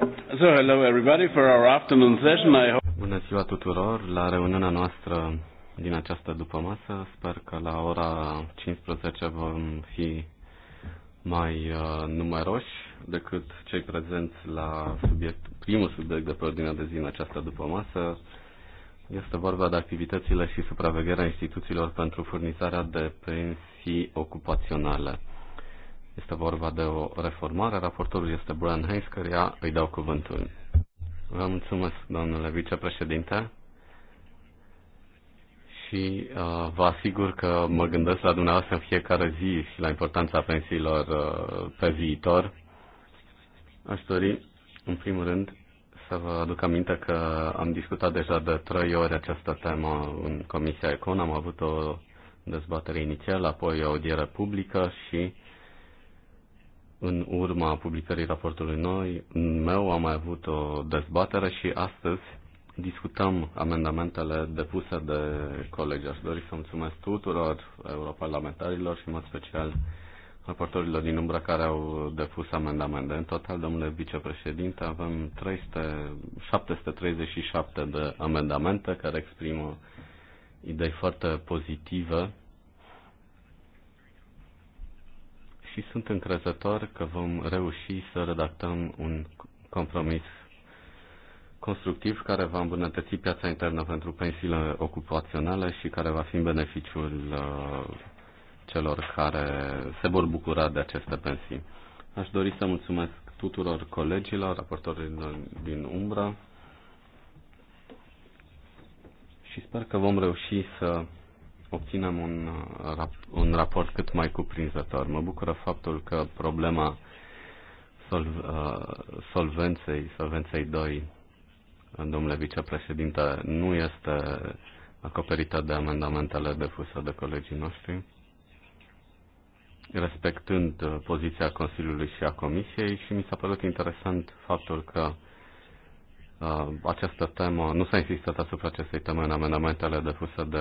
So, hello everybody for our afternoon session. I hope... Bună ziua tuturor la reuniunea noastră din această dupămasă. Sper că la ora 15 vom fi mai uh, numeroși decât cei prezenți la subiect, primul subiect de pe ordinea de zi în această dupămasă. Este vorba de activitățile și supravegherea instituțiilor pentru furnizarea de pensii ocupaționale. Este vorba de o reformare. Raportorul este Brian Hayes, căruia îi dau cuvântul. Vă mulțumesc, domnule vicepreședinte, și uh, vă asigur că mă gândesc la dumneavoastră în fiecare zi și la importanța pensiilor uh, pe viitor. Aș dori, în primul rând, să vă aduc aminte că am discutat deja de trei ori această temă în Comisia Econ. Am avut o dezbatere inițială, apoi o audiere publică și în urma publicării raportului noi, meu am mai avut o dezbatere și astăzi discutăm amendamentele depuse de colegi. Aș dori să mulțumesc tuturor europarlamentarilor și, în mod special, raportorilor din umbra care au depus amendamente. În total, domnule vicepreședinte, avem 300, 737 de amendamente care exprimă idei foarte pozitive și sunt încrezător că vom reuși să redactăm un compromis constructiv care va îmbunătăți piața internă pentru pensiile ocupaționale și care va fi în beneficiul uh, celor care se vor bucura de aceste pensii. Aș dori să mulțumesc tuturor colegilor, raportorilor din Umbra și sper că vom reuși să obținem un, uh, un raport cât mai cuprinzător. Mă bucură faptul că problema uh, solvenței, solvenței 2, domnule vicepreședinte, nu este acoperită de amendamentele depuse de colegii noștri, respectând uh, poziția Consiliului și a Comisiei și mi s-a părut interesant faptul că Uh, această temă, nu s-a insistat asupra acestei teme în amendamentele depuse de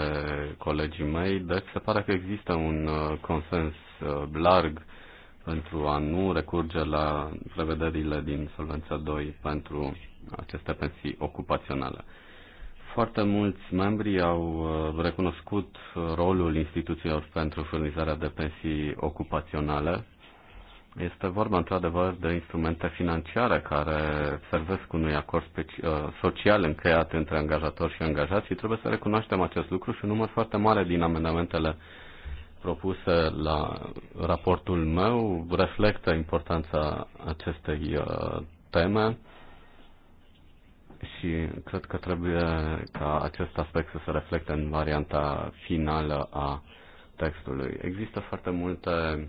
colegii mei, deci se pare că există un uh, consens uh, larg pentru a nu recurge la prevederile din Solvența 2 pentru aceste pensii ocupaționale. Foarte mulți membri au recunoscut rolul instituțiilor pentru furnizarea de pensii ocupaționale este vorba, într-adevăr, de instrumente financiare care servesc unui acord uh, social încheiat între angajatori și angajați și trebuie să recunoaștem acest lucru și un număr foarte mare din amendamentele propuse la raportul meu reflectă importanța acestei uh, teme și cred că trebuie ca acest aspect să se reflecte în varianta finală a textului. Există foarte multe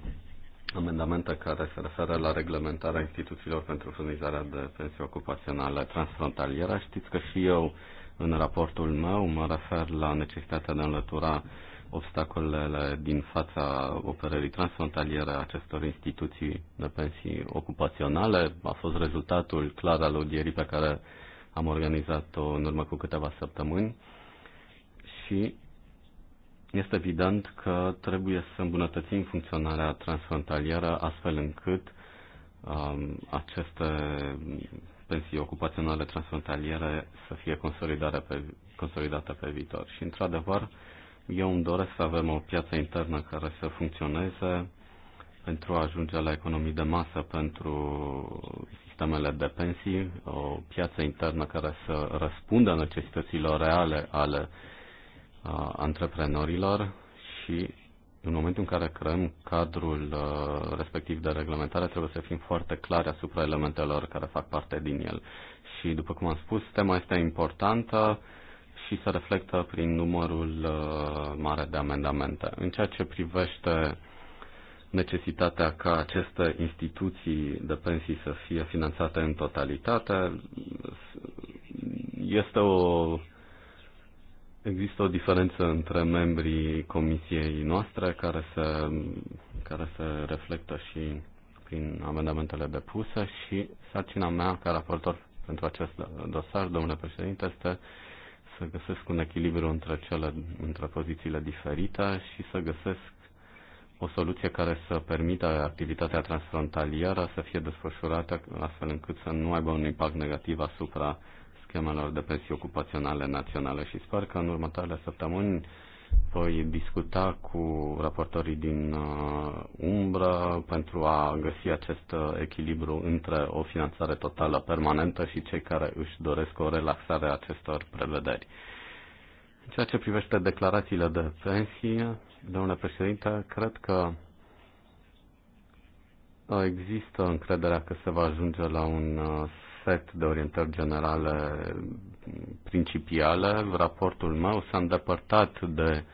amendamente care se referă la reglementarea instituțiilor pentru furnizarea de pensii ocupaționale transfrontaliere. Știți că și eu, în raportul meu, mă refer la necesitatea de a înlătura obstacolele din fața operării transfrontaliere a acestor instituții de pensii ocupaționale. A fost rezultatul clar al audierii pe care am organizat-o în urmă cu câteva săptămâni și este evident că trebuie să îmbunătățim funcționarea transfrontalieră astfel încât um, aceste pensii ocupaționale transfrontaliere să fie consolidate pe, consolidate pe viitor. Și, într-adevăr, eu îmi doresc să avem o piață internă care să funcționeze pentru a ajunge la economii de masă pentru sistemele de pensii, o piață internă care să răspundă necesităților reale ale uh, antreprenorilor și în momentul în care creăm cadrul uh, respectiv de reglementare, trebuie să fim foarte clari asupra elementelor care fac parte din el. Și, după cum am spus, tema este importantă și se reflectă prin numărul uh, mare de amendamente. În ceea ce privește necesitatea ca aceste instituții de pensii să fie finanțate în totalitate, este o Există o diferență între membrii comisiei noastre care se, care se reflectă și prin amendamentele depuse și sarcina mea ca raportor pentru acest dosar, domnule președinte, este să găsesc un echilibru între, cele, între pozițiile diferite și să găsesc o soluție care să permită activitatea transfrontalieră să fie desfășurată astfel încât să nu aibă un impact negativ asupra schemelor de pensii ocupaționale naționale și sper că în următoarele săptămâni voi discuta cu raportorii din uh, umbră pentru a găsi acest uh, echilibru între o finanțare totală permanentă și cei care își doresc o relaxare a acestor prevederi. În ceea ce privește declarațiile de pensie, domnule președinte, cred că există încrederea că se va ajunge la un uh, set de orientări generale principiale, raportul meu s-a îndepărtat de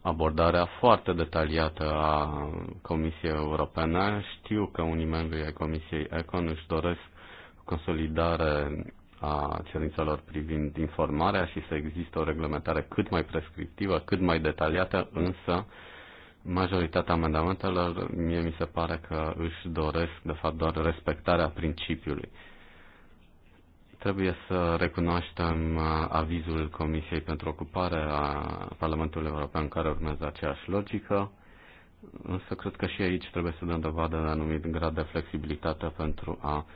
abordarea foarte detaliată a Comisiei Europene. Știu că unii membri ai Comisiei Econ își doresc consolidare a cerințelor privind informarea și să există o reglementare cât mai prescriptivă, cât mai detaliată, însă majoritatea amendamentelor mie mi se pare că își doresc de fapt doar respectarea principiului. Trebuie să recunoaștem uh, avizul Comisiei pentru Ocupare a Parlamentului European care urmează aceeași logică, însă cred că și aici trebuie să dăm dovadă de anumit grad de flexibilitate pentru a,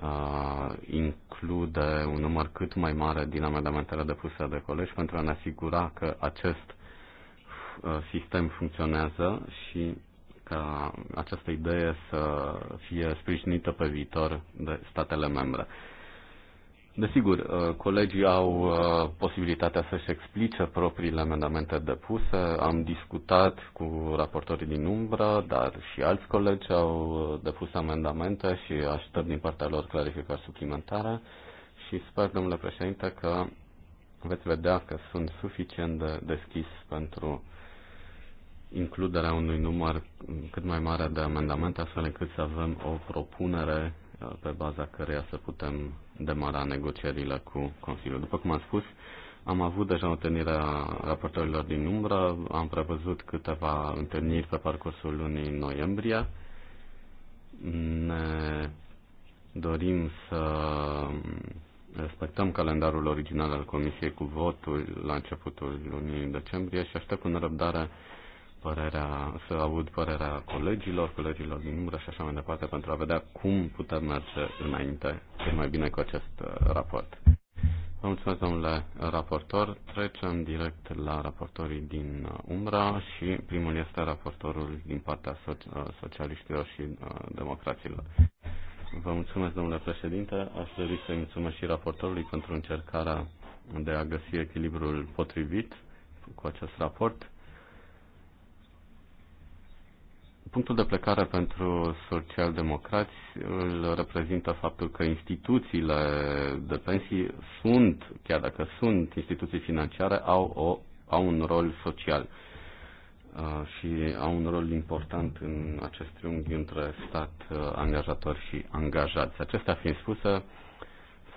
a uh, include un număr cât mai mare din amendamentele depuse de colegi pentru a ne asigura că acest uh, sistem funcționează și ca această idee să fie sprijinită pe viitor de statele membre. Desigur, uh, colegii au uh, posibilitatea să-și explice propriile amendamente depuse. Am discutat cu raportorii din umbră, dar și alți colegi au uh, depus amendamente și aștept din partea lor clarificări suplimentare și sper, domnule președinte, că veți vedea că sunt suficient de deschis pentru includerea unui număr cât mai mare de amendamente, astfel încât să avem o propunere pe baza căreia să putem demara negocierile cu Consiliul. După cum am spus, am avut deja întâlnirea raportorilor din umbră, am prevăzut câteva întâlniri pe parcursul lunii noiembrie. Ne dorim să respectăm calendarul original al Comisiei cu votul la începutul lunii decembrie și aștept cu nerăbdare părerea, să aud părerea colegilor, colegilor din umbră și așa mai departe, pentru a vedea cum putem merge înainte cel mai bine cu acest uh, raport. Vă mulțumesc, domnule raportor. Trecem direct la raportorii din uh, umbra și primul este raportorul din partea uh, socialiștilor și democraților. Vă mulțumesc, domnule președinte. Aș dori să mulțumesc și raportorului pentru încercarea de a găsi echilibrul potrivit cu acest raport. Punctul de plecare pentru socialdemocrați îl reprezintă faptul că instituțiile de pensii sunt, chiar dacă sunt instituții financiare, au, o, au un rol social uh, și au un rol important în acest triunghi între stat, uh, angajator și angajați. Acestea fiind spuse,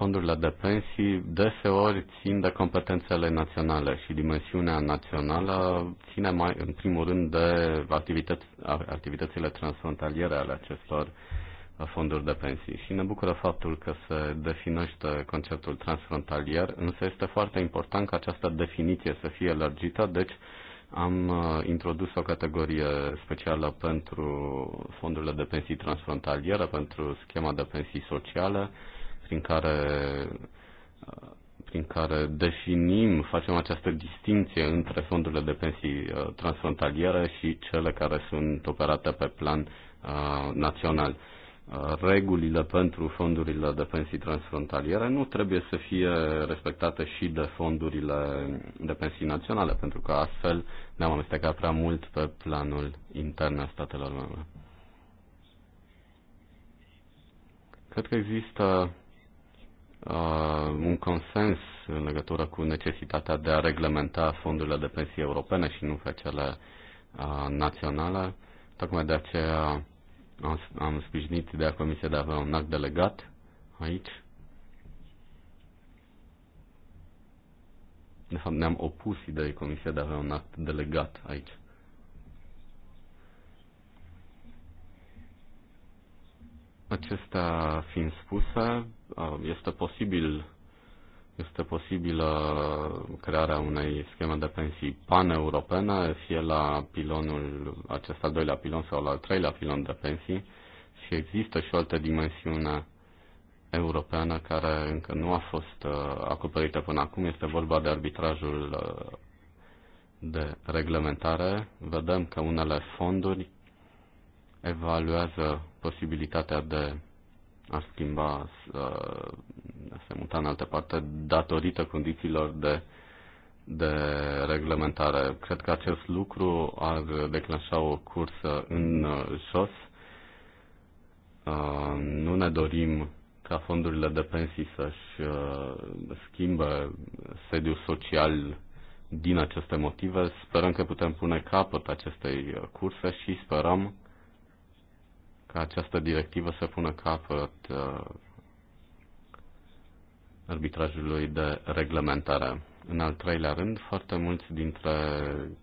fondurile de pensii deseori țin de competențele naționale și dimensiunea națională ține mai, în primul rând de activități, activitățile transfrontaliere ale acestor fonduri de pensii. Și ne bucură faptul că se definește conceptul transfrontalier, însă este foarte important ca această definiție să fie lărgită, deci am uh, introdus o categorie specială pentru fondurile de pensii transfrontaliere, pentru schema de pensii sociale, prin care, prin care definim, facem această distinție între fondurile de pensii uh, transfrontaliere și cele care sunt operate pe plan uh, național uh, regulile pentru fondurile de pensii transfrontaliere nu trebuie să fie respectate și de fondurile de pensii naționale, pentru că astfel ne-am amestecat prea mult pe planul intern al statelor membre. Cred că există Uh, un consens în legătură cu necesitatea de a reglementa fondurile de pensii europene și nu pe cele uh, naționale. Tocmai de aceea am sprijinit ideea comisie de a avea un act delegat aici. De fapt, ne-am opus ideea Comisiei de a avea un act delegat aici. Acestea fiind spuse, Uh, este posibil este posibilă crearea unei scheme de pensii paneuropene, fie la pilonul, acesta al doilea pilon sau la al treilea pilon de pensii, și există și o altă dimensiune europeană care încă nu a fost uh, acoperită până acum. Este vorba de arbitrajul uh, de reglementare. Vedem că unele fonduri evaluează posibilitatea de ar schimba, să uh, se muta în altă parte datorită condițiilor de, de reglementare. Cred că acest lucru ar declanșa o cursă în uh, jos. Uh, nu ne dorim ca fondurile de pensii să-și schimbe sediul social din aceste motive. Sperăm că putem pune capăt acestei curse și sperăm ca această directivă să pună capăt uh, arbitrajului de reglementare. În al treilea rând, foarte mulți dintre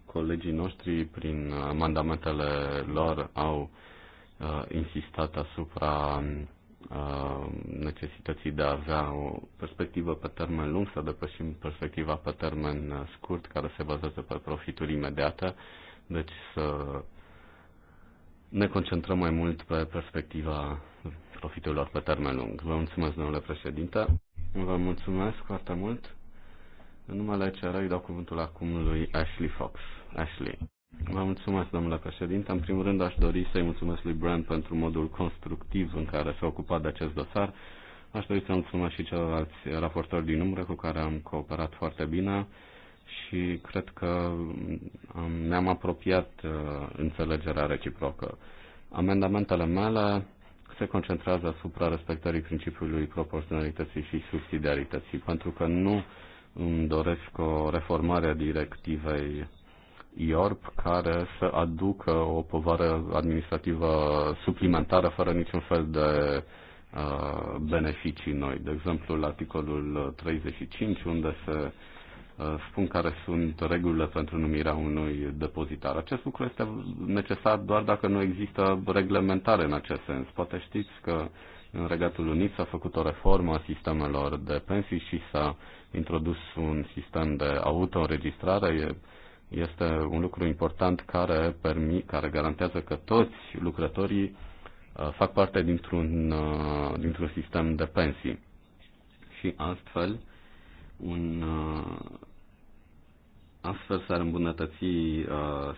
colegii noștri, prin mandamentele lor, au uh, insistat asupra uh, necesității de a avea o perspectivă pe termen lung, să depășim perspectiva pe termen scurt, care se bazează pe profituri imediate, deci să ne concentrăm mai mult pe perspectiva profitelor pe termen lung. Vă mulțumesc, domnule președinte. Vă mulțumesc foarte mult. În numele CR îi dau cuvântul acum lui Ashley Fox. Ashley. Vă mulțumesc, domnule președinte. În primul rând, aș dori să-i mulțumesc lui Brand pentru modul constructiv în care s-a ocupat de acest dosar. Aș dori să mulțumesc și celorlalți raportori din umbră cu care am cooperat foarte bine și cred că ne-am apropiat uh, înțelegerea reciprocă. Amendamentele mele se concentrează asupra respectării principiului proporționalității și subsidiarității, pentru că nu îmi doresc o reformare a directivei IORP care să aducă o povară administrativă suplimentară fără niciun fel de uh, beneficii noi. De exemplu, la articolul 35, unde se Uh, spun care sunt regulile pentru numirea unui depozitar. Acest lucru este necesar doar dacă nu există reglementare în acest sens. Poate știți că în Regatul Unit s-a făcut o reformă a sistemelor de pensii și s-a introdus un sistem de autoregistrare. Este un lucru important care, permi, care garantează că toți lucrătorii uh, fac parte dintr-un, uh, dintr-un sistem de pensii. Și astfel, un Astfel s-ar îmbunătăți uh,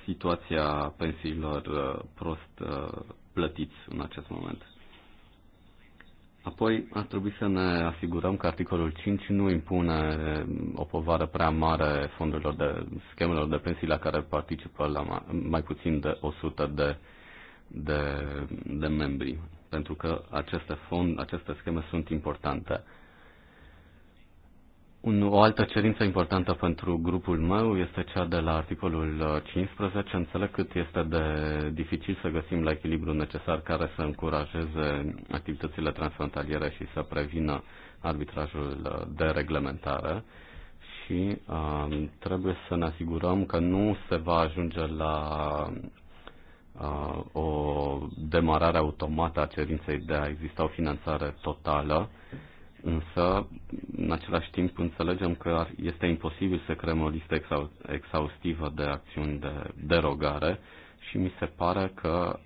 situația pensiilor uh, prost uh, plătiți în acest moment. Apoi ar trebui să ne asigurăm că articolul 5 nu impune um, o povară prea mare fondurilor de schemelor de pensii la care participă la mai puțin de 100 de, de, de membri, pentru că aceste, fond, aceste scheme sunt importante. Un, o altă cerință importantă pentru grupul meu este cea de la articolul 15. Uh, Înțeleg cât este de dificil să găsim la echilibru necesar care să încurajeze activitățile transfrontaliere și să prevină arbitrajul uh, de reglementare și uh, trebuie să ne asigurăm că nu se va ajunge la uh, o demarare automată a cerinței de a exista o finanțare totală Însă, în același timp, înțelegem că este imposibil să creăm o listă exhaustivă de acțiuni de derogare și mi se pare că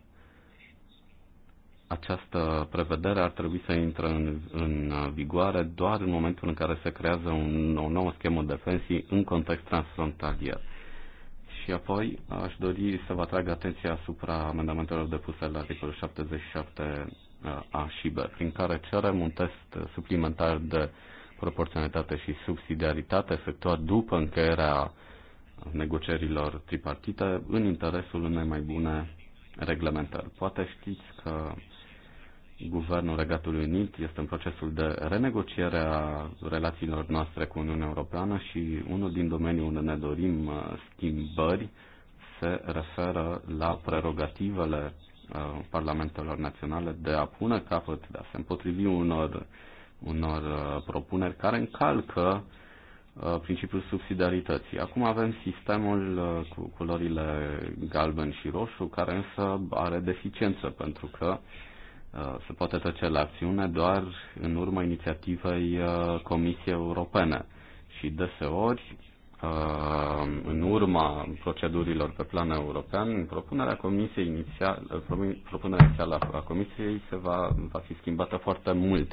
această prevedere ar trebui să intre în, în vigoare doar în momentul în care se creează un, o nouă schemă de pensii în context transfrontalier. Și apoi aș dori să vă atrag atenția asupra amendamentelor depuse la articolul 77 a și B, prin care cerem un test suplimentar de proporționalitate și subsidiaritate efectuat după încheierea negocierilor tripartite în interesul unei mai bune reglementări. Poate știți că Guvernul Regatului Unit este în procesul de renegociere a relațiilor noastre cu Uniunea Europeană și unul din domenii unde ne dorim schimbări se referă la prerogativele Uh, parlamentelor naționale de a pune capăt, de a se împotrivi unor, unor uh, propuneri care încalcă uh, principiul subsidiarității. Acum avem sistemul cu culorile galben și roșu, care însă are deficiență pentru că se poate trece la acțiune doar în urma inițiativei Comisiei Europene. Și deseori Uh, în urma procedurilor pe plan european, propunerea comisiei inițială, uh, propunerea inițială a comisiei se va, va fi schimbată foarte mult.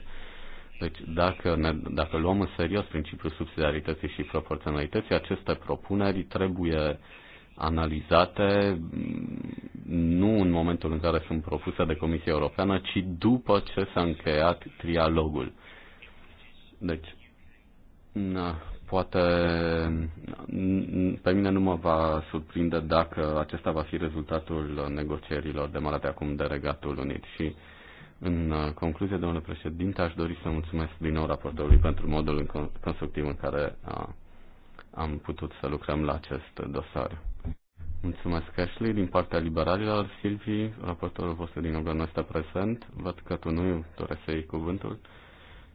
Deci dacă, ne, dacă luăm în serios principiul subsidiarității și proporționalității, aceste propuneri trebuie analizate mm, nu în momentul în care sunt propuse de Comisia Europeană, ci după ce s-a încheiat trialogul. Deci, na, poate pe mine nu mă va surprinde dacă acesta va fi rezultatul negocierilor demarate acum de Regatul Unit. Și în concluzie, domnule președinte, aș dori să mulțumesc din nou raportorului pentru modul constructiv în care a, am putut să lucrăm la acest dosar. Mulțumesc, Ashley. Din partea liberalilor, Silvi, raportorul vostru din nou nu este prezent. Văd că tu nu doresc să iei cuvântul.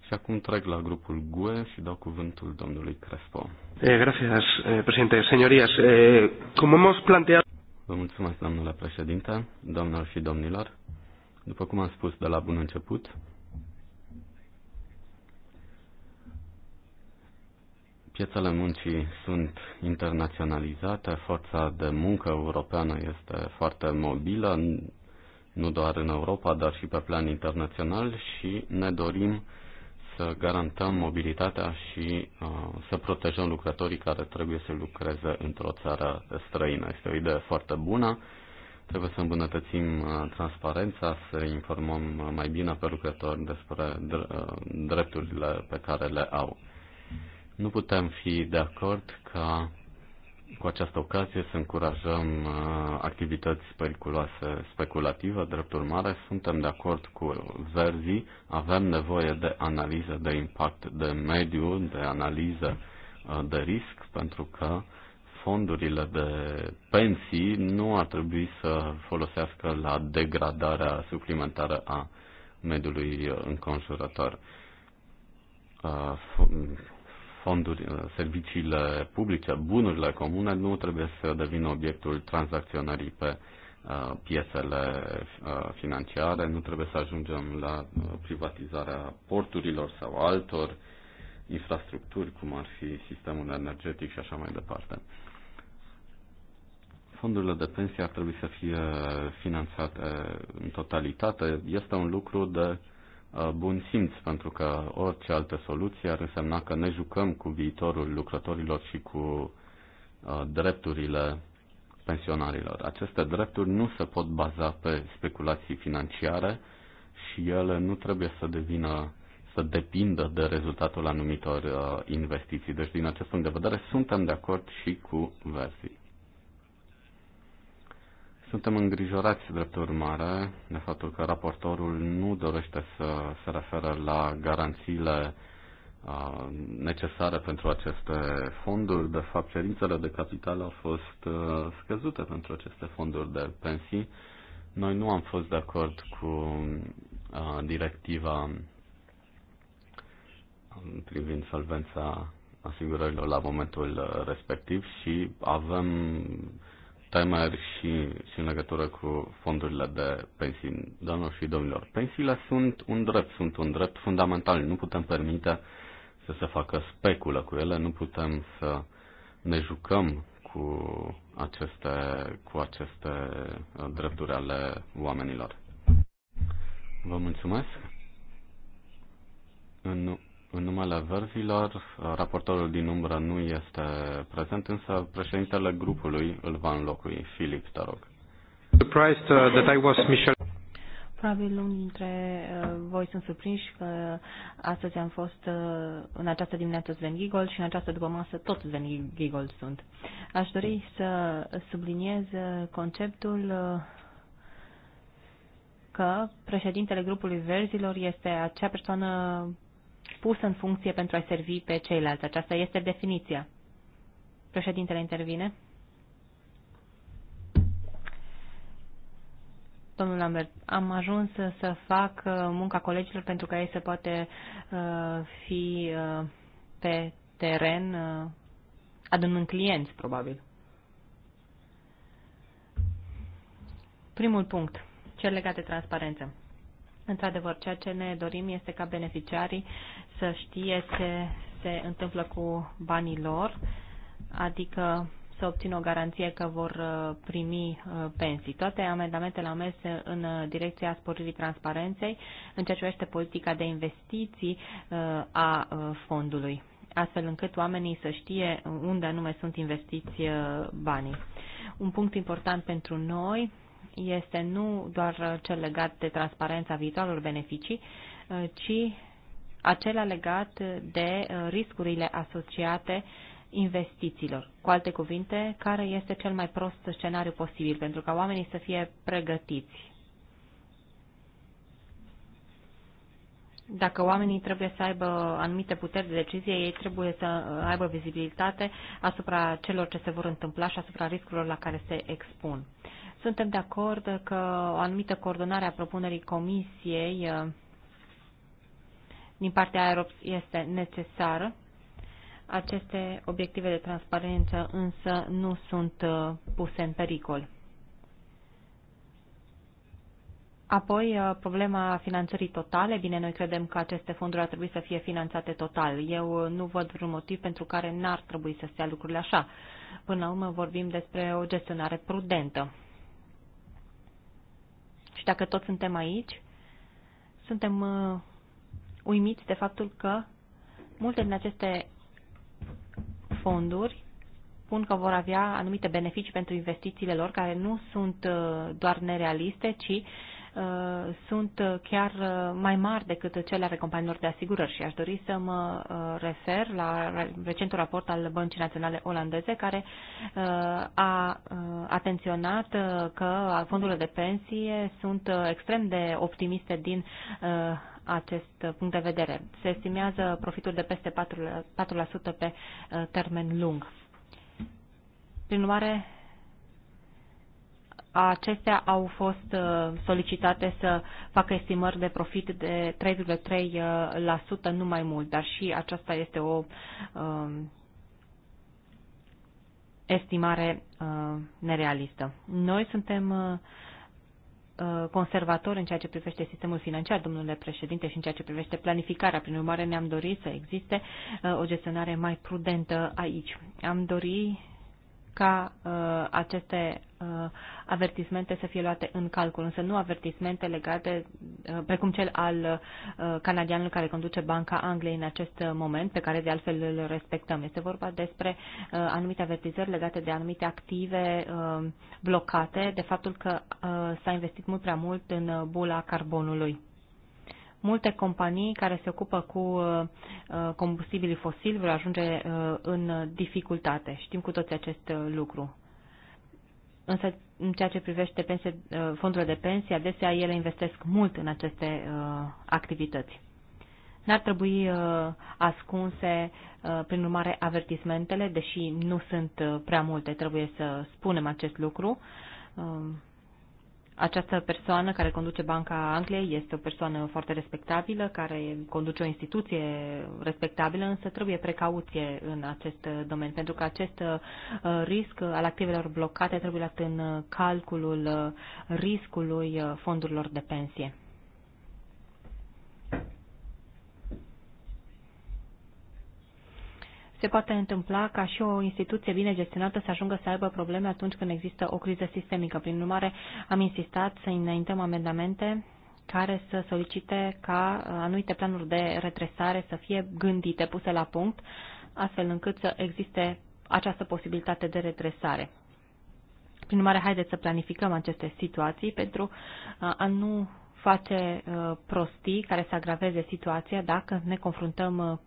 Și acum trec la grupul GUE și dau cuvântul domnului Crespo. Eh, gracias, eh, președinte. Señorías, eh, cum hemos planteat... Vă mulțumesc, domnule președinte, domnilor și domnilor. După cum am spus de la bun început, piețele muncii sunt internaționalizate, forța de muncă europeană este foarte mobilă, nu doar în Europa, dar și pe plan internațional și ne dorim să garantăm mobilitatea și uh, să protejăm lucrătorii care trebuie să lucreze într-o țară străină. Este o idee foarte bună. Trebuie să îmbunătățim uh, transparența, să informăm uh, mai bine pe lucrători despre uh, drepturile pe care le au. Nu putem fi de acord ca cu această ocazie să încurajăm uh, activități periculoase speculative. Drept urmare, suntem de acord cu Verzi. avem nevoie de analiză de impact de mediu, de analiză uh, de risc, pentru că fondurile de pensii nu ar trebui să folosească la degradarea suplimentară a mediului uh, înconjurător uh, fonduri, uh, serviciile publice, bunurile comune nu trebuie să devină obiectul tranzacționării pe uh, piesele uh, financiare, nu trebuie să ajungem la privatizarea porturilor sau altor infrastructuri, cum ar fi sistemul energetic și așa mai departe. Fondurile de pensie ar trebui să fie finanțate în totalitate. Este un lucru de Uh, bun simț, pentru că orice altă soluție ar însemna că ne jucăm cu viitorul lucrătorilor și cu uh, drepturile pensionarilor. Aceste drepturi nu se pot baza pe speculații financiare și ele nu trebuie să devină să depindă de rezultatul anumitor uh, investiții. Deci, din acest punct de vedere, suntem de acord și cu versii. Suntem îngrijorați, drept urmare, de faptul că raportorul nu dorește să se referă la garanțiile necesare pentru aceste fonduri. De fapt, cerințele de capital au fost scăzute pentru aceste fonduri de pensii. Noi nu am fost de acord cu directiva privind solvența asigurărilor la momentul respectiv și avem temeri și, și în legătură cu fondurile de pensii. Doamnelor și domnilor, pensiile sunt un drept, sunt un drept fundamental. Nu putem permite să se facă speculă cu ele, nu putem să ne jucăm cu aceste, cu aceste uh, drepturi ale oamenilor. Vă mulțumesc. În în numele verzilor, raportorul din umbră nu este prezent, însă președintele grupului îl va înlocui. Filip, te rog. Surprised uh, that I was Michel. Probabil unii dintre uh, voi sunt surprinși că astăzi am fost uh, în această dimineață Sven Giegold și în această după masă tot Sven Giegold sunt. Aș dori să subliniez conceptul că președintele grupului verzilor este acea persoană Pus în funcție pentru a servi pe ceilalți. Aceasta este definiția. Președintele intervine. Domnul Lambert, am ajuns să fac uh, munca colegilor pentru ca ei să poate uh, fi uh, pe teren adunând clienți, probabil. Primul punct, cel legat de transparență. Într-adevăr, ceea ce ne dorim este ca beneficiarii să știe ce se întâmplă cu banii lor, adică să obțină o garanție că vor uh, primi uh, pensii. Toate amendamentele au mers în uh, direcția sporirii transparenței în ceea ce privește politica de investiții a fondului, astfel încât oamenii să știe unde anume sunt investiți banii. Un punct important pentru noi este nu doar cel legat de transparența viitoarelor beneficii, uh, ci acela legat de uh, riscurile asociate investițiilor. Cu alte cuvinte, care este cel mai prost scenariu posibil pentru ca oamenii să fie pregătiți? Dacă oamenii trebuie să aibă anumite puteri de decizie, ei trebuie să uh, aibă vizibilitate asupra celor ce se vor întâmpla și asupra riscurilor la care se expun. Suntem de acord că o anumită coordonare a propunerii comisiei uh, din partea Aerops este necesară. Aceste obiective de transparență însă nu sunt uh, puse în pericol. Apoi, uh, problema finanțării totale. Bine, noi credem că aceste fonduri ar trebui să fie finanțate total. Eu nu văd vreun motiv pentru care n-ar trebui să stea lucrurile așa. Până la urmă vorbim despre o gestionare prudentă dacă tot suntem aici, suntem uh, uimiți de faptul că multe din aceste fonduri spun că vor avea anumite beneficii pentru investițiile lor, care nu sunt uh, doar nerealiste, ci Uh, sunt uh, chiar uh, mai mari decât cele ale companiilor de asigurări și aș dori să mă refer la recentul raport al Băncii Naționale Olandeze care a atenționat că fondurile de pensie sunt extrem de optimiste din acest punct de vedere. Se estimează profitul de peste 4%, 4 pe termen lung. Prin urmare, acestea au fost uh, solicitate să facă estimări de profit de 3,3%, uh, nu mai mult, dar și aceasta este o um, estimare uh, nerealistă. Noi suntem uh, uh, conservatori în ceea ce privește sistemul financiar, domnule președinte, și în ceea ce privește planificarea. Prin urmare, ne-am dorit să existe uh, o gestionare mai prudentă aici. Am dorit ca uh, aceste uh, avertismente să fie luate în calcul, însă nu avertismente legate, uh, precum cel al uh, canadianului care conduce Banca Angliei în acest moment, pe care de altfel îl respectăm. Este vorba despre uh, anumite avertizări legate de anumite active uh, blocate, de faptul că uh, s-a investit mult prea mult în bula carbonului. Multe companii care se ocupă cu uh, combustibilii fosili vor ajunge uh, în dificultate. Știm cu toți acest uh, lucru. Însă, în ceea ce privește pensie, fondurile de pensie, adesea ele investesc mult în aceste activități. N-ar trebui ascunse, prin urmare, avertismentele, deși nu sunt prea multe, trebuie să spunem acest lucru această persoană care conduce Banca Angliei este o persoană foarte respectabilă, care conduce o instituție respectabilă, însă trebuie precauție în acest domeniu, pentru că acest uh, risc al activelor blocate trebuie luat în calculul uh, riscului uh, fondurilor de pensie. Se poate întâmpla ca și o instituție bine gestionată să ajungă să aibă probleme atunci când există o criză sistemică. Prin urmare, am insistat să înaintăm amendamente care să solicite ca anumite planuri de retresare să fie gândite, puse la punct, astfel încât să existe această posibilitate de retresare. Prin urmare, haideți să planificăm aceste situații pentru a nu face uh, prostii care să agraveze situația dacă ne confruntăm uh,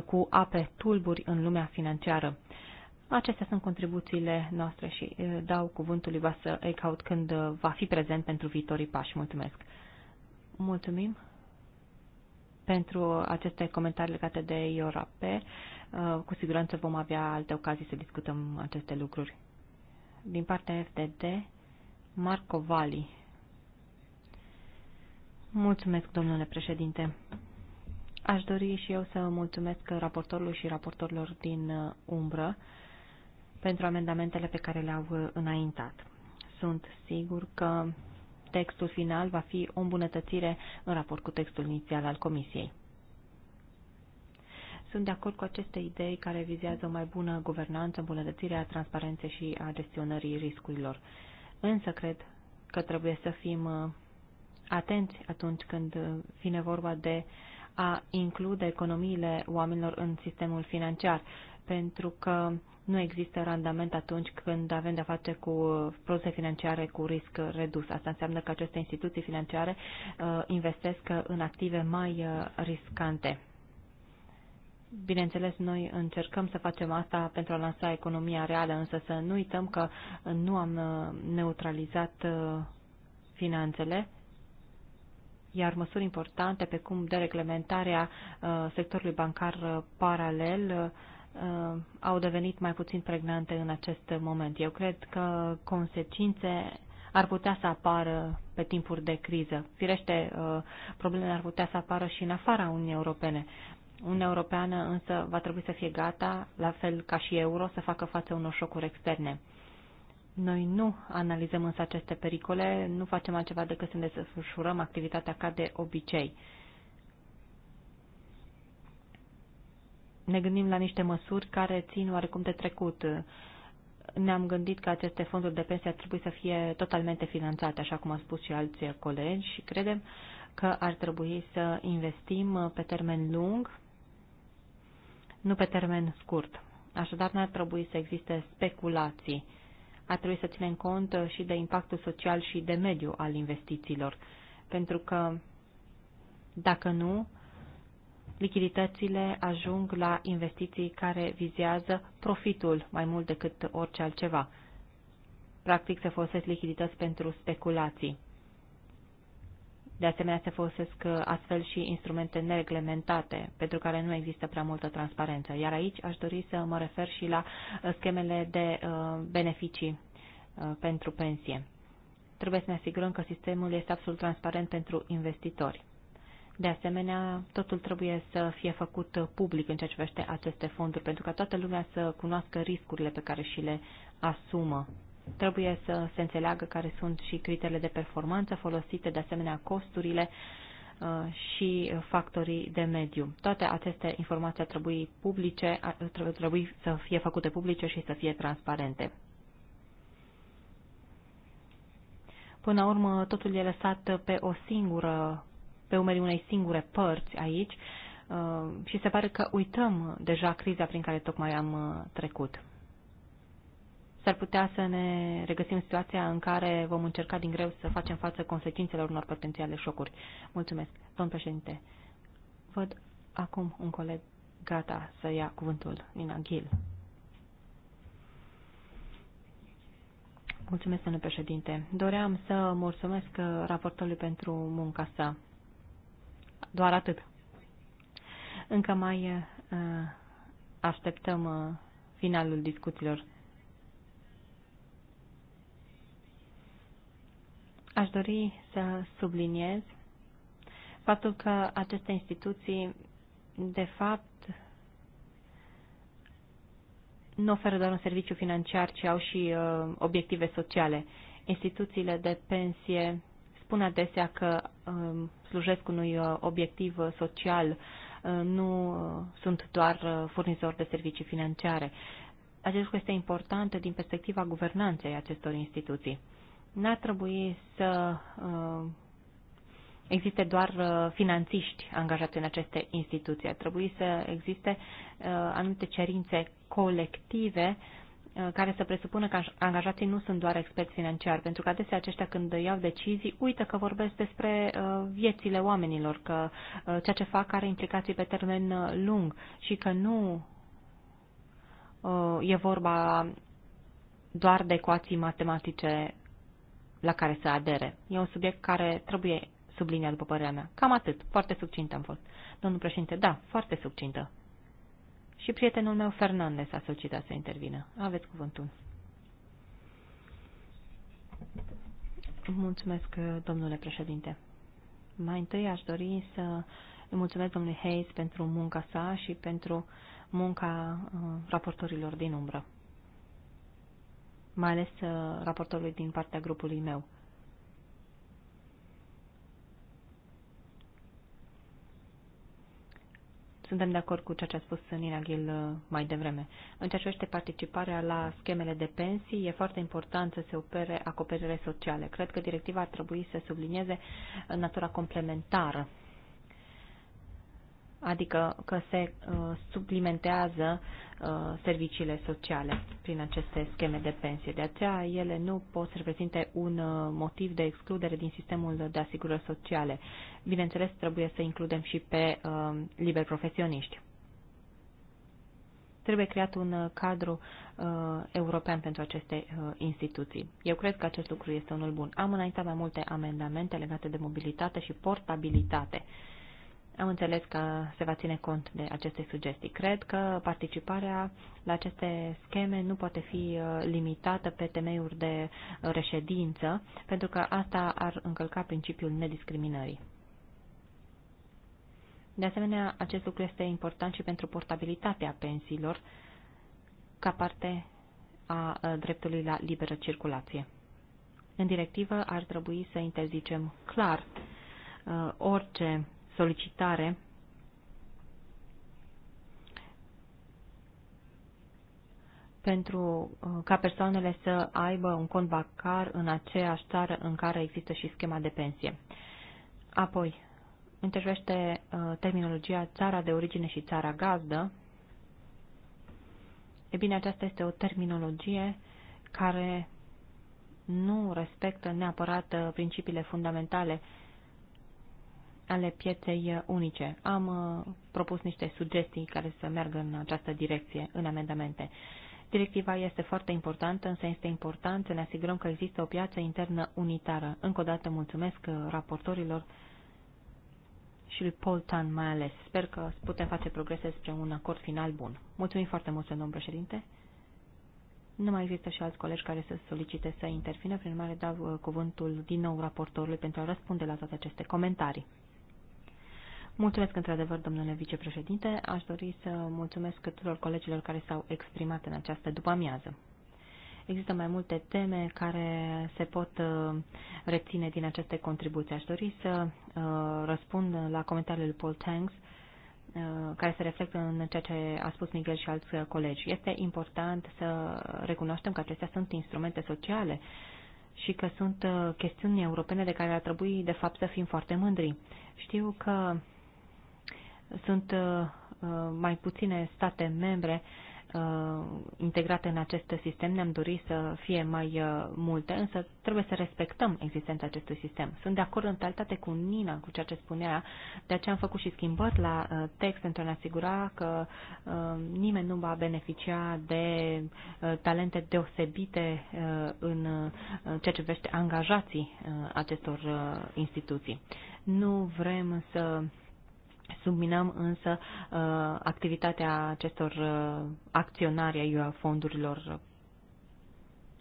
cu ape tulburi în lumea financiară. Acestea sunt contribuțiile noastre și dau cuvântul lui Vasă Eichhout când va fi prezent pentru viitorii pași. Mulțumesc! Mulțumim pentru aceste comentarii legate de IORAP. Cu siguranță vom avea alte ocazii să discutăm aceste lucruri. Din partea FDD, Marco Vali. Mulțumesc, domnule președinte. Aș dori și eu să mulțumesc raportorului și raportorilor din uh, umbră pentru amendamentele pe care le-au uh, înaintat. Sunt sigur că textul final va fi o îmbunătățire în raport cu textul inițial al Comisiei. Sunt de acord cu aceste idei care vizează o mai bună guvernanță, îmbunătățirea transparenței și a gestionării riscurilor. Însă cred că trebuie să fim uh, atenți atunci când vine vorba de uh, a include economiile oamenilor în sistemul financiar, pentru că nu există randament atunci când avem de-a face cu produse financiare cu risc redus. Asta înseamnă că aceste instituții financiare uh, investesc în active mai uh, riscante. Bineînțeles, noi încercăm să facem asta pentru a lansa economia reală, însă să nu uităm că nu am uh, neutralizat finanțele iar măsuri importante, pe cum dereglementarea uh, sectorului bancar uh, paralel, uh, au devenit mai puțin pregnante în acest moment. Eu cred că consecințe ar putea să apară pe timpuri de criză. Firește, problemele ar putea să apară și în afara Uniunii Europene. Uniunea Europeană însă va trebui să fie gata, la fel ca și euro, să facă față unor șocuri externe. Noi nu analizăm însă aceste pericole, nu facem altceva decât să ne desfășurăm activitatea ca de obicei. Ne gândim la niște măsuri care țin oarecum de trecut. Ne-am gândit că aceste fonduri de pensie ar trebui să fie totalmente finanțate, așa cum au spus și alții colegi, și credem că ar trebui să investim pe termen lung, nu pe termen scurt. Așadar, nu ar trebui să existe speculații ar trebui să ținem cont uh, și de impactul social și de mediu al investițiilor. Pentru că, dacă nu, lichiditățile ajung la investiții care vizează profitul mai mult decât orice altceva. Practic se folosesc lichidități pentru speculații. De asemenea, se folosesc uh, astfel și instrumente nereglementate, pentru care nu există prea multă transparență. Iar aici aș dori să mă refer și la uh, schemele de uh, beneficii pentru pensie. Trebuie să ne asigurăm că sistemul este absolut transparent pentru investitori. De asemenea, totul trebuie să fie făcut public în ceea ce privește aceste fonduri, pentru ca toată lumea să cunoască riscurile pe care și le asumă. Trebuie să se înțeleagă care sunt și criteriile de performanță folosite, de asemenea costurile uh, și factorii de mediu. Toate aceste informații ar trebui, publice, ar trebui să fie făcute publice și să fie transparente. Până la urmă, totul e lăsat pe o singură, pe umerii unei singure părți aici uh, și se pare că uităm deja criza prin care tocmai am uh, trecut s-ar putea să ne regăsim situația în care vom încerca din greu să facem față consecințelor unor potențiale șocuri. Mulțumesc, domn președinte. Văd acum un coleg gata să ia cuvântul, Nina Ghil. Mulțumesc, domnule președinte. Doream să mulțumesc raportorului pentru munca sa. Doar atât. Încă mai uh, așteptăm uh, finalul discuțiilor. Aș dori să subliniez faptul că aceste instituții, de fapt, nu oferă doar un serviciu financiar, ci au și uh, obiective sociale. Instituțiile de pensie spun adesea că uh, slujesc unui uh, obiectiv social, uh, nu uh, sunt doar uh, furnizori de servicii financiare. Acest lucru este important din perspectiva guvernanței acestor instituții n a trebui să uh, existe doar uh, finanțiști angajați în aceste instituții. Ar trebui să existe uh, anumite cerințe colective care să presupună că angajații nu sunt doar experți financiari, pentru că adesea aceștia când iau decizii uită că vorbesc despre viețile oamenilor, că ceea ce fac are implicații pe termen lung și că nu e vorba doar de ecuații matematice la care să adere. E un subiect care trebuie subliniat, după părerea mea. Cam atât. Foarte succintă am fost. Domnul președinte, da, foarte succintă. Și prietenul meu, Fernandez, a solicitat să intervină. Aveți cuvântul. Mulțumesc, domnule președinte. Mai întâi aș dori să îi mulțumesc domnului Hayes pentru munca sa și pentru munca uh, raportorilor din umbră mai ales uh, raportorului din partea grupului meu. Suntem de acord cu ceea ce a spus Nina Ghil uh, mai devreme. În ceea ce privește participarea la schemele de pensii, e foarte important să se opere acoperire sociale. Cred că directiva ar trebui să sublinieze uh, natura complementară adică că se uh, suplimentează uh, serviciile sociale prin aceste scheme de pensie. De aceea ele nu pot să reprezinte un uh, motiv de excludere din sistemul de asigurări sociale. Bineînțeles, trebuie să includem și pe uh, liberi profesioniști. Trebuie creat un uh, cadru uh, european pentru aceste uh, instituții. Eu cred că acest lucru este unul bun. Am înaintat mai multe amendamente legate de mobilitate și portabilitate. Am înțeles că se va ține cont de aceste sugestii. Cred că participarea la aceste scheme nu poate fi uh, limitată pe temeiuri de uh, reședință, pentru că asta ar încălca principiul nediscriminării. De asemenea, acest lucru este important și pentru portabilitatea pensiilor ca parte a uh, dreptului la liberă circulație. În directivă ar trebui să interzicem clar orice solicitare pentru uh, ca persoanele să aibă un cont bancar în aceeași țară în care există și schema de pensie. Apoi, întrebește uh, terminologia țara de origine și țara gazdă. E bine, aceasta este o terminologie care nu respectă neapărat uh, principiile fundamentale ale pieței unice. Am uh, propus niște sugestii care să meargă în această direcție, în amendamente. Directiva este foarte importantă, însă este important să ne asigurăm că există o piață internă unitară. Încă o dată mulțumesc uh, raportorilor și lui Paul Tan mai ales. Sper că putem face progrese spre un acord final bun. Mulțumim foarte mult, domnul președinte. Nu mai există și alți colegi care să solicite să intervină, prin urmare dau uh, cuvântul din nou raportorului pentru a răspunde la toate aceste comentarii. Mulțumesc într-adevăr, domnule vicepreședinte. Aș dori să mulțumesc tuturor colegilor care s-au exprimat în această după-amiază. Există mai multe teme care se pot uh, reține din aceste contribuții. Aș dori să uh, răspund la comentariul lui Paul Tanks uh, care se reflectă în ceea ce a spus Miguel și alți colegi. Este important să recunoaștem că acestea sunt instrumente sociale și că sunt chestiuni europene de care ar trebui, de fapt, să fim foarte mândri. Știu că sunt uh, uh, mai puține state membre uh, integrate în acest sistem. Ne-am dorit să fie mai multe, însă trebuie să respectăm existența acestui sistem. Sunt de acord în totalitate cu Nina, cu ceea ce spunea, de aceea am făcut și schimbări la text pentru a ne asigura că nimeni nu va beneficia de talente deosebite în ceea ce privește angajații acestor instituții. Nu vrem să subminăm însă uh, activitatea acestor uh, acționari ai fondurilor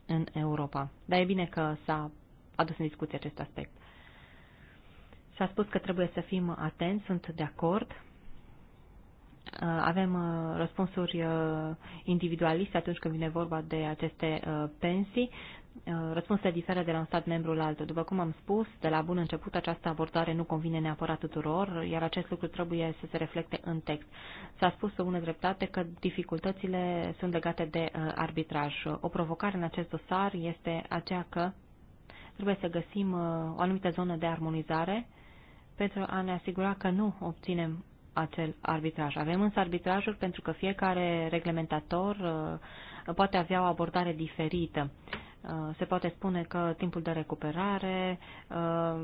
în Europa. Dar e bine că s-a adus în discuție acest aspect. S-a spus că trebuie să fim atenți, sunt de acord. Uh, avem răspunsuri individualiste atunci când vine vorba de aceste pensii, Uh, răspunsurile diferă de la un stat membru la altul. După cum am spus, de la bun început această abordare nu convine neapărat tuturor, iar acest lucru trebuie să se reflecte în text. S-a spus o bună dreptate că dificultățile sunt legate de uh, arbitraj. O provocare în acest dosar este aceea că trebuie să găsim uh, o anumită zonă de armonizare pentru a ne asigura că nu obținem acel arbitraj. Avem însă arbitrajul pentru că fiecare reglementator poate avea o abordare diferită. Uh, se poate spune că timpul de recuperare uh,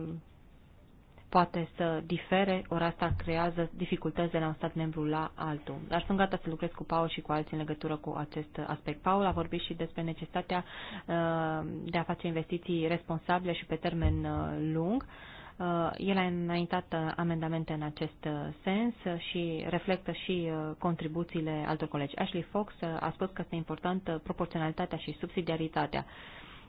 poate să difere, ori asta creează dificultăți de la un stat membru la altul. Dar sunt gata să lucrez cu Paul și cu alții în legătură cu acest aspect. Paul a vorbit și despre necesitatea uh, de a face investiții responsabile și pe termen lung. Uh, el a înaintat uh, amendamente în acest uh, sens și reflectă și contribuțiile altor colegi. Ashley Fox a spus că este importantă proporționalitatea și subsidiaritatea.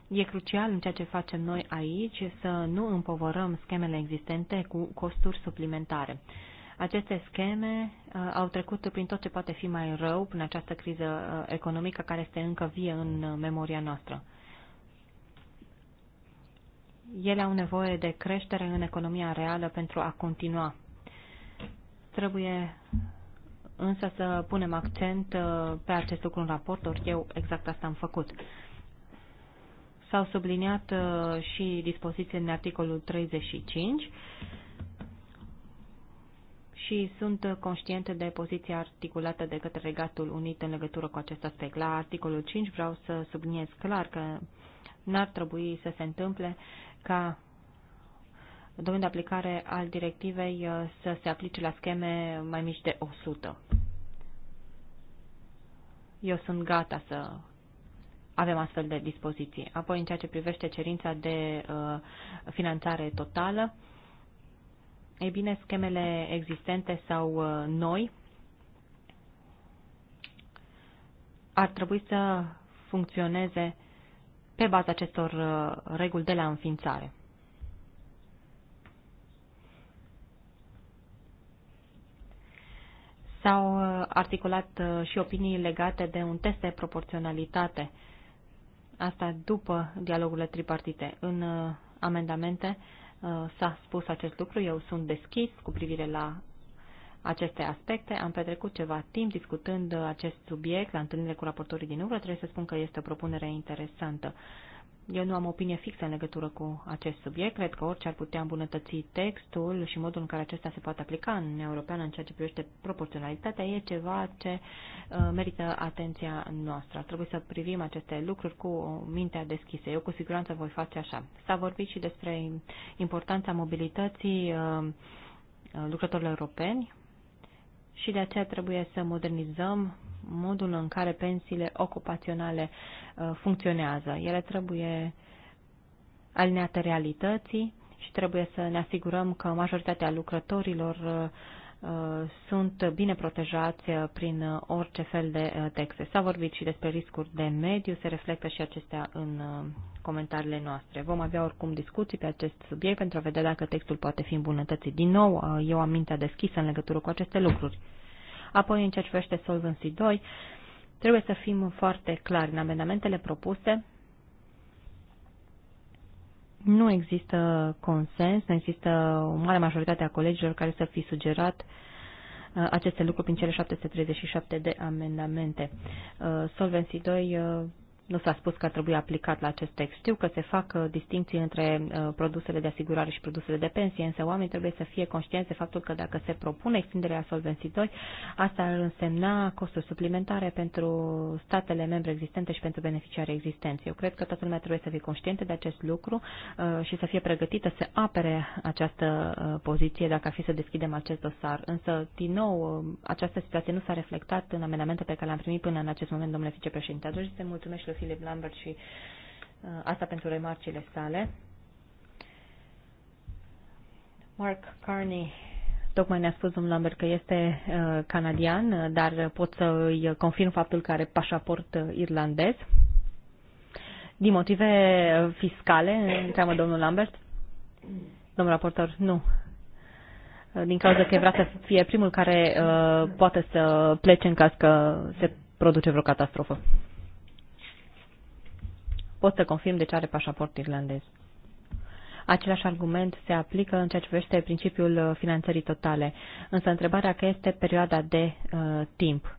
E crucial în ceea ce facem noi aici să nu împovărăm schemele existente cu costuri suplimentare. Aceste scheme uh, au trecut prin tot ce poate fi mai rău în această criză uh, economică care este încă vie în memoria noastră. Ele au nevoie de creștere în economia reală pentru a continua. Trebuie însă să punem accent uh, pe acest lucru în raport, ori eu exact asta am făcut. S-au subliniat uh, și dispoziții în articolul 35 și sunt conștiente de poziția articulată de către Regatul Unit în legătură cu acest aspect. La articolul 5 vreau să subliniez clar că N-ar trebui să se întâmple ca domeniul de aplicare al directivei uh, să se aplice la scheme mai mici de 100. Eu sunt gata să avem astfel de dispoziții. Apoi, în ceea ce privește cerința de uh, finanțare totală, e bine, schemele existente sau uh, noi ar trebui să funcționeze pe baza acestor uh, reguli de la înființare. S-au uh, articulat uh, și opinii legate de un test de proporționalitate, asta după dialogurile tripartite. În amendamente s-a spus acest lucru, eu sunt deschis cu privire la aceste aspecte. Am petrecut ceva timp discutând acest subiect la întâlnire cu raportorii din urmă. Trebuie să spun că este o propunere interesantă. Eu nu am opinie fixă în legătură cu acest subiect. Cred că orice ar putea îmbunătăți textul și modul în care acesta se poate aplica în Uniunea Europeană în ceea ce privește proporționalitatea e ceva ce uh, merită atenția noastră. Ar trebui să privim aceste lucruri cu mintea deschisă. Eu cu siguranță voi face așa. S-a vorbit și despre importanța mobilității uh, lucrătorilor europeni și de aceea trebuie să modernizăm modul în care pensiile ocupaționale uh, funcționează. Ele trebuie alineate realității și trebuie să ne asigurăm că majoritatea lucrătorilor uh, Uh, sunt bine protejați uh, prin uh, orice fel de texte. S-a vorbit și despre riscuri de mediu, se reflectă și acestea în comentariile noastre. Vom avea oricum discuții pe acest subiect pentru a vedea dacă textul poate fi îmbunătățit. Din nou, eu am mintea deschisă în legătură cu aceste lucruri. Apoi, în ceea ce privește Solvency 2, trebuie să fim foarte clari. În amendamentele propuse, nu există consens, nu există o mare majoritate a colegilor care să fi sugerat uh, aceste lucruri prin cele 737 de amendamente. Uh, Solvency 2 nu s-a spus că ar trebui aplicat la acest text. Știu că se fac uh, distinții între uh, produsele de asigurare și produsele de pensie, însă oamenii trebuie să fie conștienți de faptul că dacă se propune extinderea solvenții 2, asta ar însemna costuri suplimentare pentru statele membre existente și pentru beneficiarii existenți. Eu cred că toată lumea trebuie să fie conștientă de acest lucru uh, și să fie pregătită să apere această poziție dacă ar fi să deschidem acest dosar. Însă, din nou, această situație nu s-a reflectat în amendamente pe care le-am primit până în acest moment, domnule vicepreședinte. Atunci, se mulțumesc și Philip Lambert și uh, asta pentru remarcile sale. Mark Carney Tocmai ne-a spus domnul Lambert că este uh, canadian, uh, dar pot să îi confirm faptul că are pașaport uh, irlandez. Din motive fiscale, întreabă domnul Lambert. Domnul raportor, nu. Din cauza că vrea să fie primul care uh, poate să plece în caz că se produce vreo catastrofă. Pot să confirm de ce are pașaport irlandez. Același argument se aplică în ceea ce privește principiul uh, finanțării totale, însă întrebarea că este perioada de uh, timp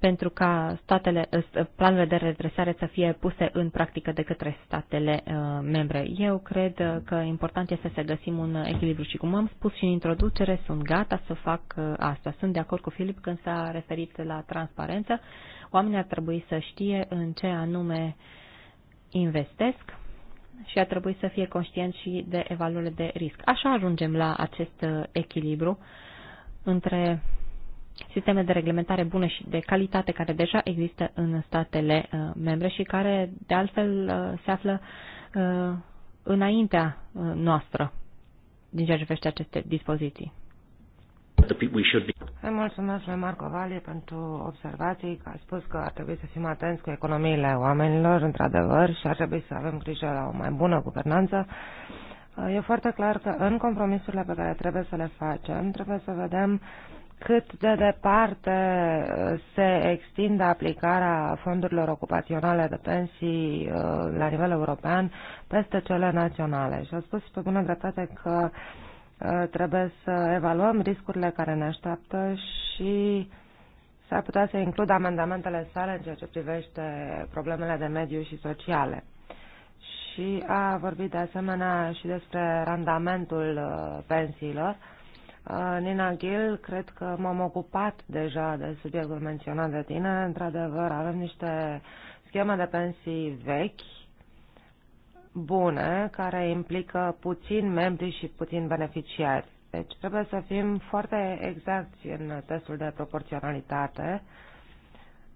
pentru ca statele, uh, planurile de redresare să fie puse în practică de către statele uh, membre. Eu cred că important este să găsim un echilibru și cum am spus și în introducere, sunt gata să fac asta. Sunt de acord cu Filip când s-a referit la transparență. Oamenii ar trebui să știe în ce anume uh, investesc și a trebuit să fie conștient și de evaluările de risc. Așa ajungem la acest uh, echilibru între sisteme de reglementare bune și de calitate care deja există în statele uh, membre și care, de altfel, uh, se află înaintea noastră din ceea ce privește aceste dispoziții. Îi mulțumesc lui Marco Vali pentru observații, că a spus că ar trebui să fim atenți cu economiile oamenilor, într-adevăr, și ar trebui să avem grijă la o mai bună guvernanță. E foarte clar că în compromisurile pe care trebuie să le facem, trebuie să vedem cât de departe se extinde aplicarea fondurilor ocupaționale de pensii uh, la nivel european peste cele naționale. Și a spus pe bună dreptate că uh, Uh, trebuie să evaluăm riscurile care ne așteaptă și s-ar putea să includă amendamentele sale în ceea ce privește problemele de mediu și sociale. Și a vorbit de asemenea și despre randamentul uh, pensiilor. Uh, Nina Gil, cred că m-am ocupat deja de subiectul menționat de tine. Într-adevăr, avem niște scheme de pensii vechi bune care implică puțin membri și puțin beneficiari. Deci trebuie să fim foarte exacti în testul de proporționalitate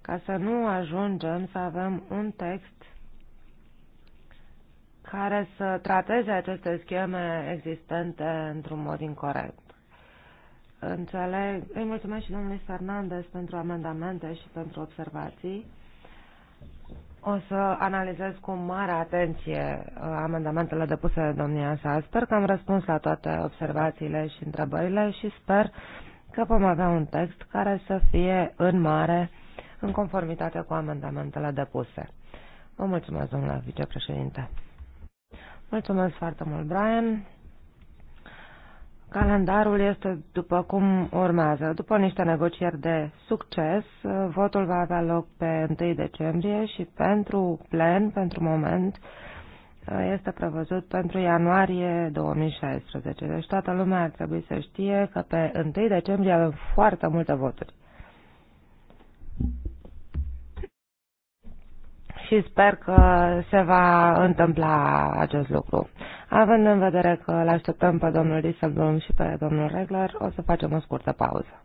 ca să nu ajungem să avem un text care să trateze aceste scheme existente într-un mod incorrect. Înțeleg. Îi mulțumesc și domnului Fernandez pentru amendamente și pentru observații. O să analizez cu mare atenție uh, amendamentele depuse de domnia sa. Sper că am răspuns la toate observațiile și întrebările și sper că vom avea un text care să fie în mare în conformitate cu amendamentele depuse. Vă mulțumesc, domnule vicepreședinte. Mulțumesc foarte mult, Brian. Calendarul este după cum urmează. După niște negocieri de succes, votul va avea loc pe 1 decembrie și pentru plen, pentru moment, este prevăzut pentru ianuarie 2016. Deci toată lumea ar trebui să știe că pe 1 decembrie avem foarte multe voturi. Și sper că se va întâmpla acest lucru. Având în vedere că îl așteptăm pe domnul Disselblom și pe domnul Regler, o să facem o scurtă pauză.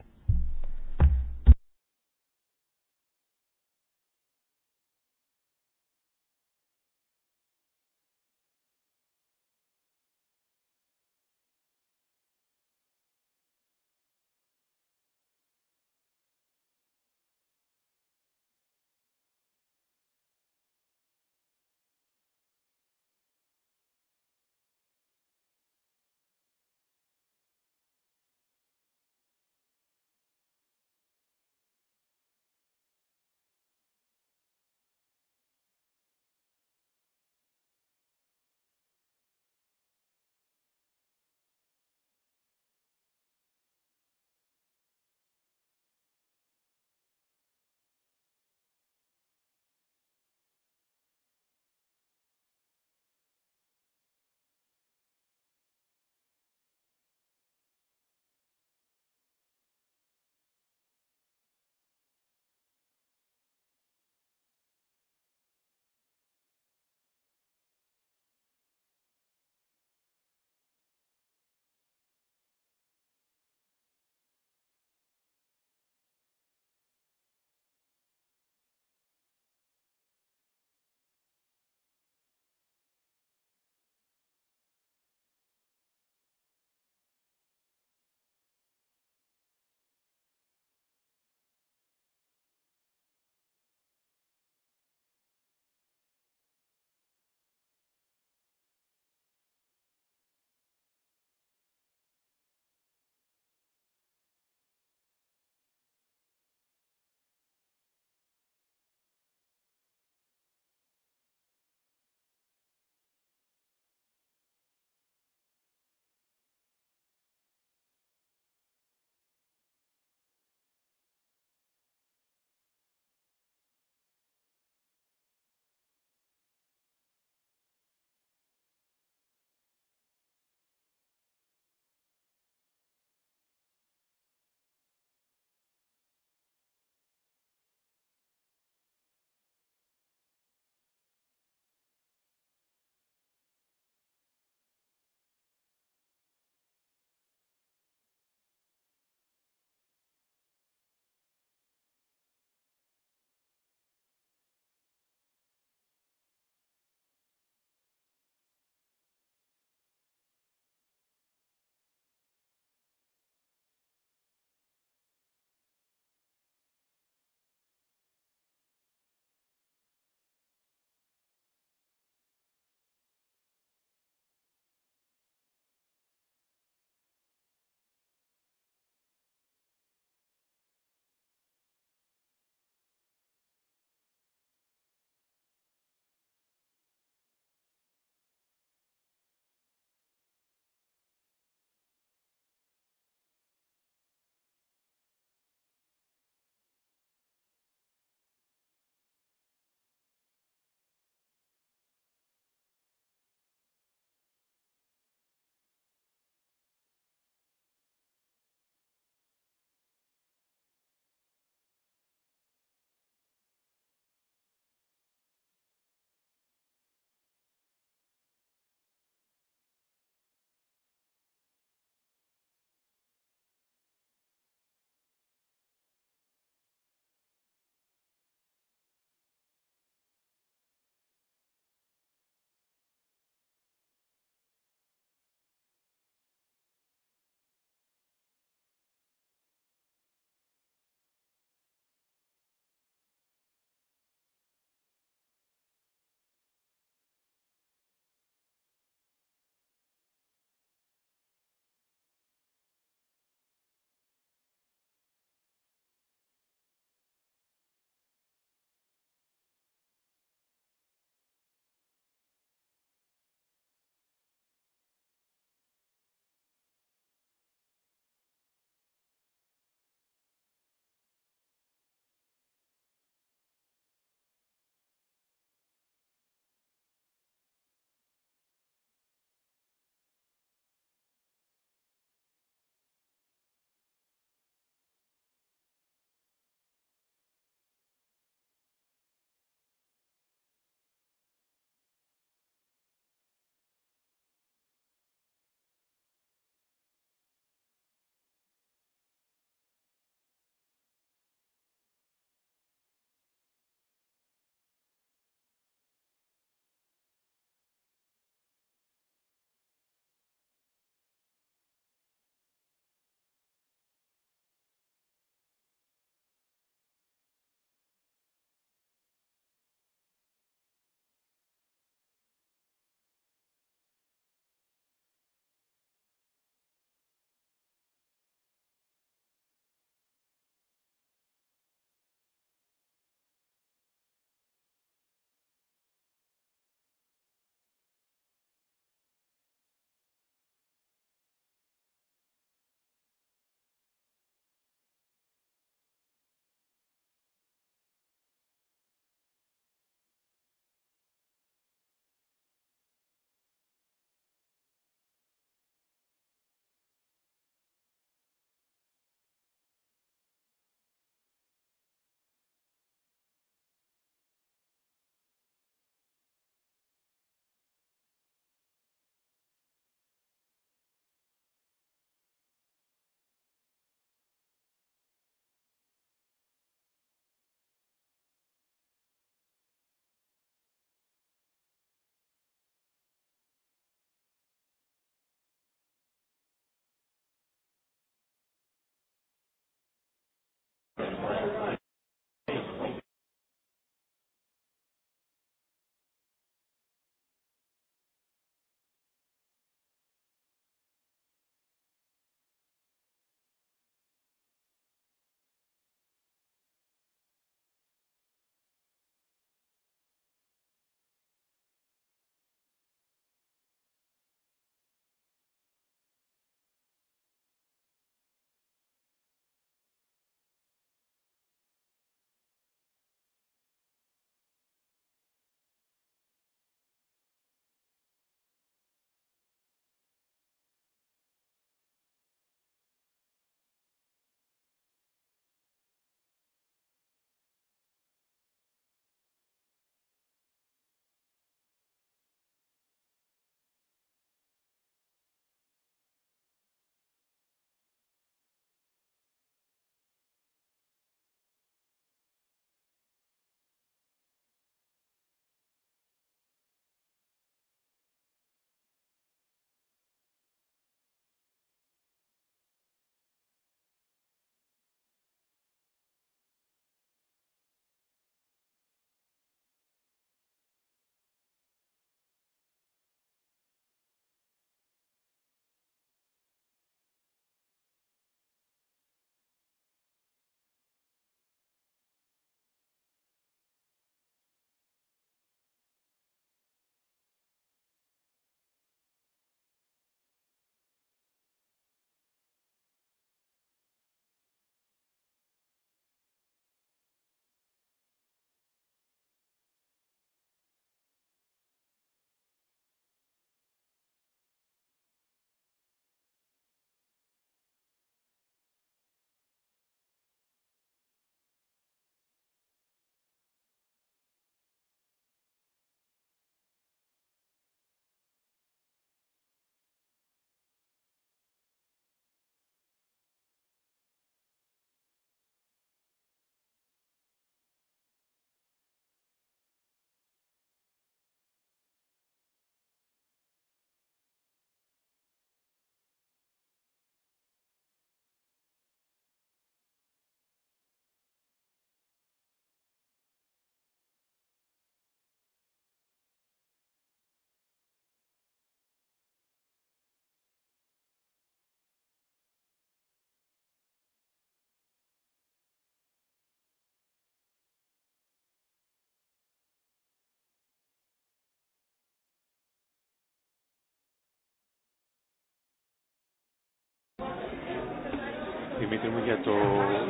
Δημήτρη μου για το,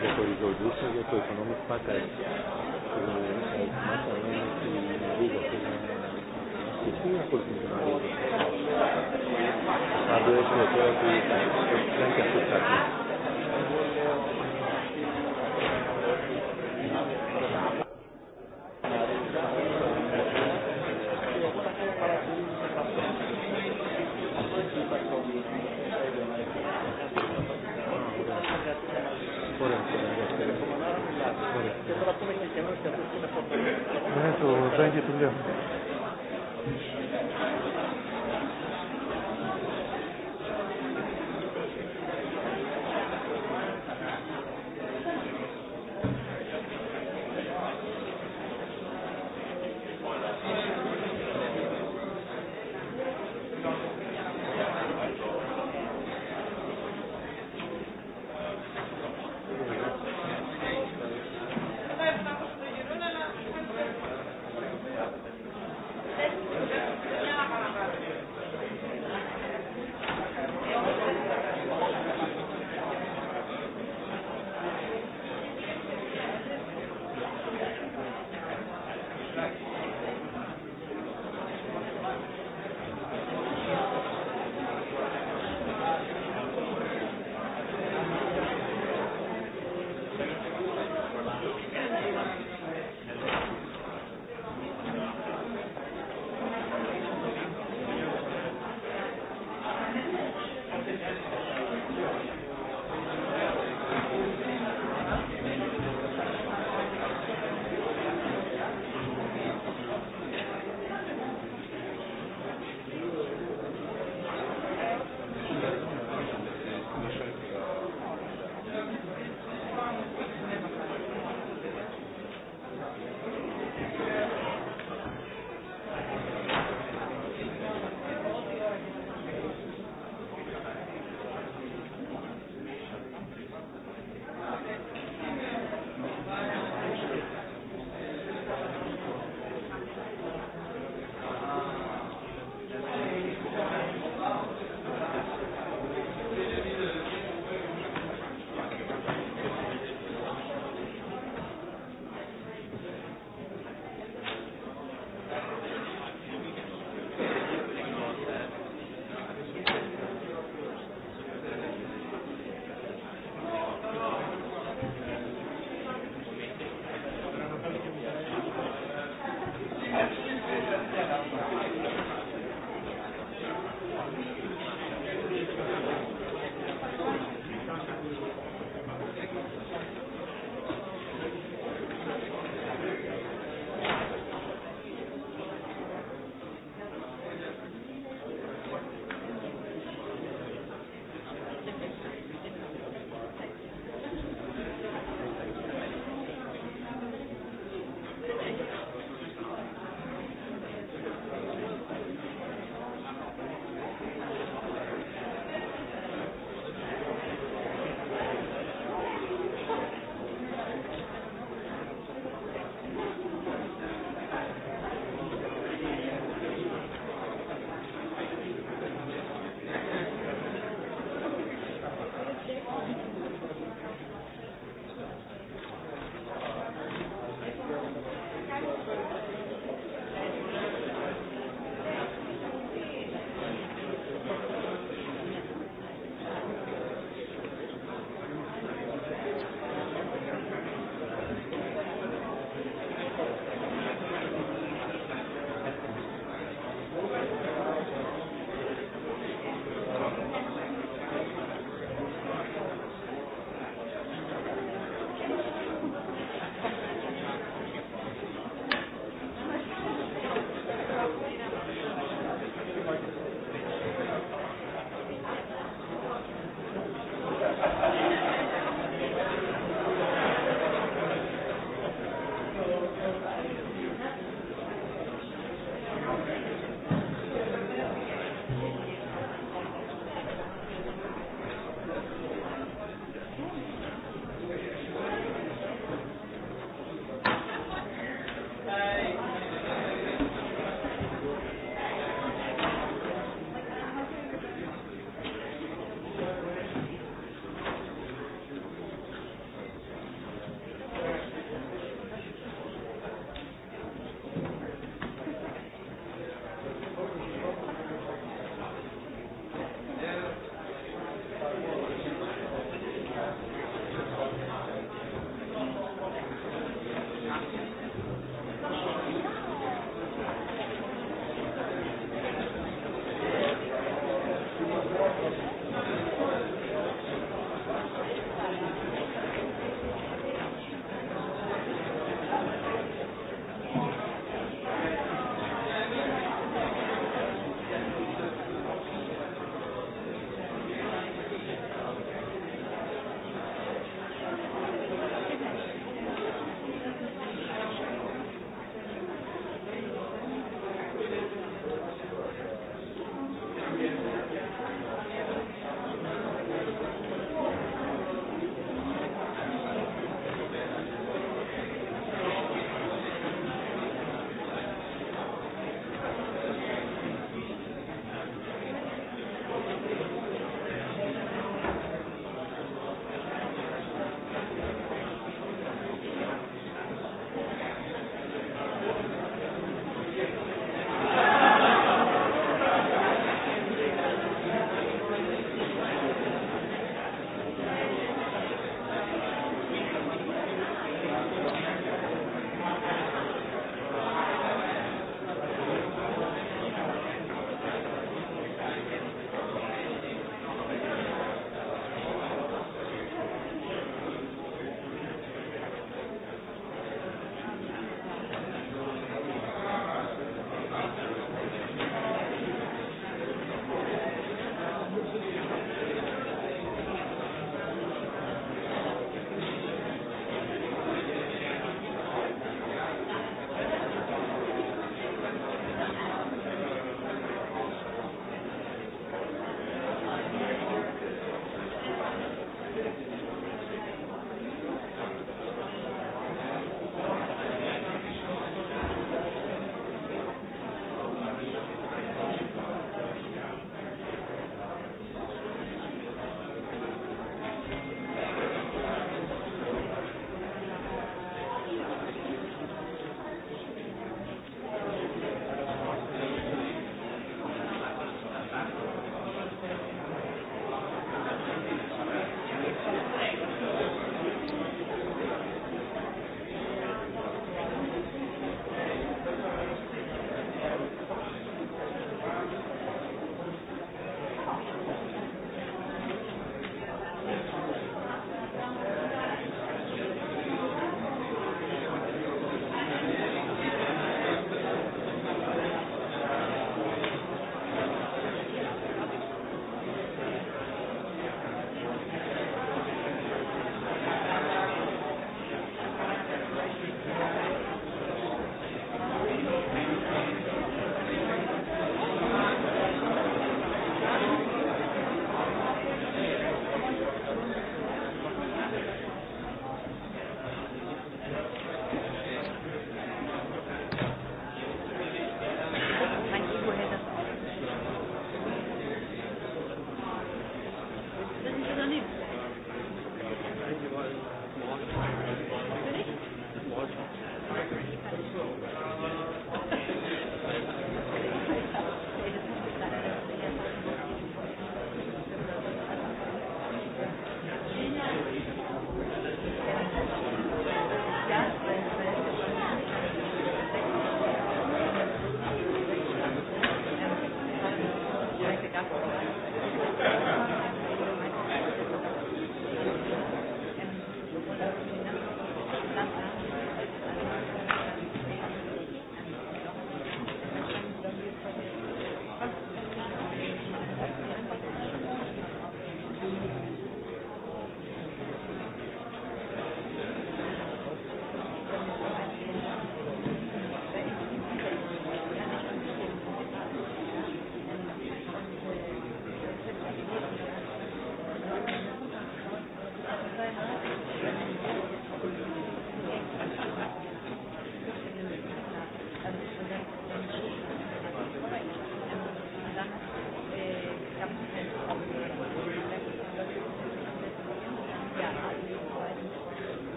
για το Ιδωδούς, για το Economic Package. Μας αρέσει έχουμε τώρα που δεν και αυτό Corect. Corect. Corect.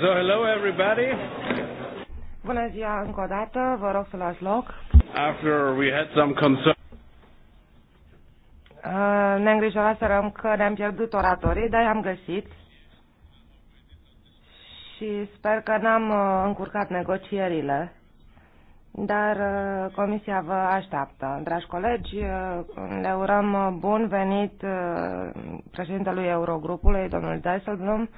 so hello everybody. Bună ziua încă o dată, vă rog să luați loc. After we had some concern... Uh, ne îngrijoraserăm că ne-am pierdut oratorii, dar i-am găsit. Și sper că n-am uh, încurcat negocierile. Dar uh, comisia vă așteaptă. Dragi colegi, uh, le urăm uh, bun venit uh, președintelui Eurogrupului, domnul Dijsselbloem,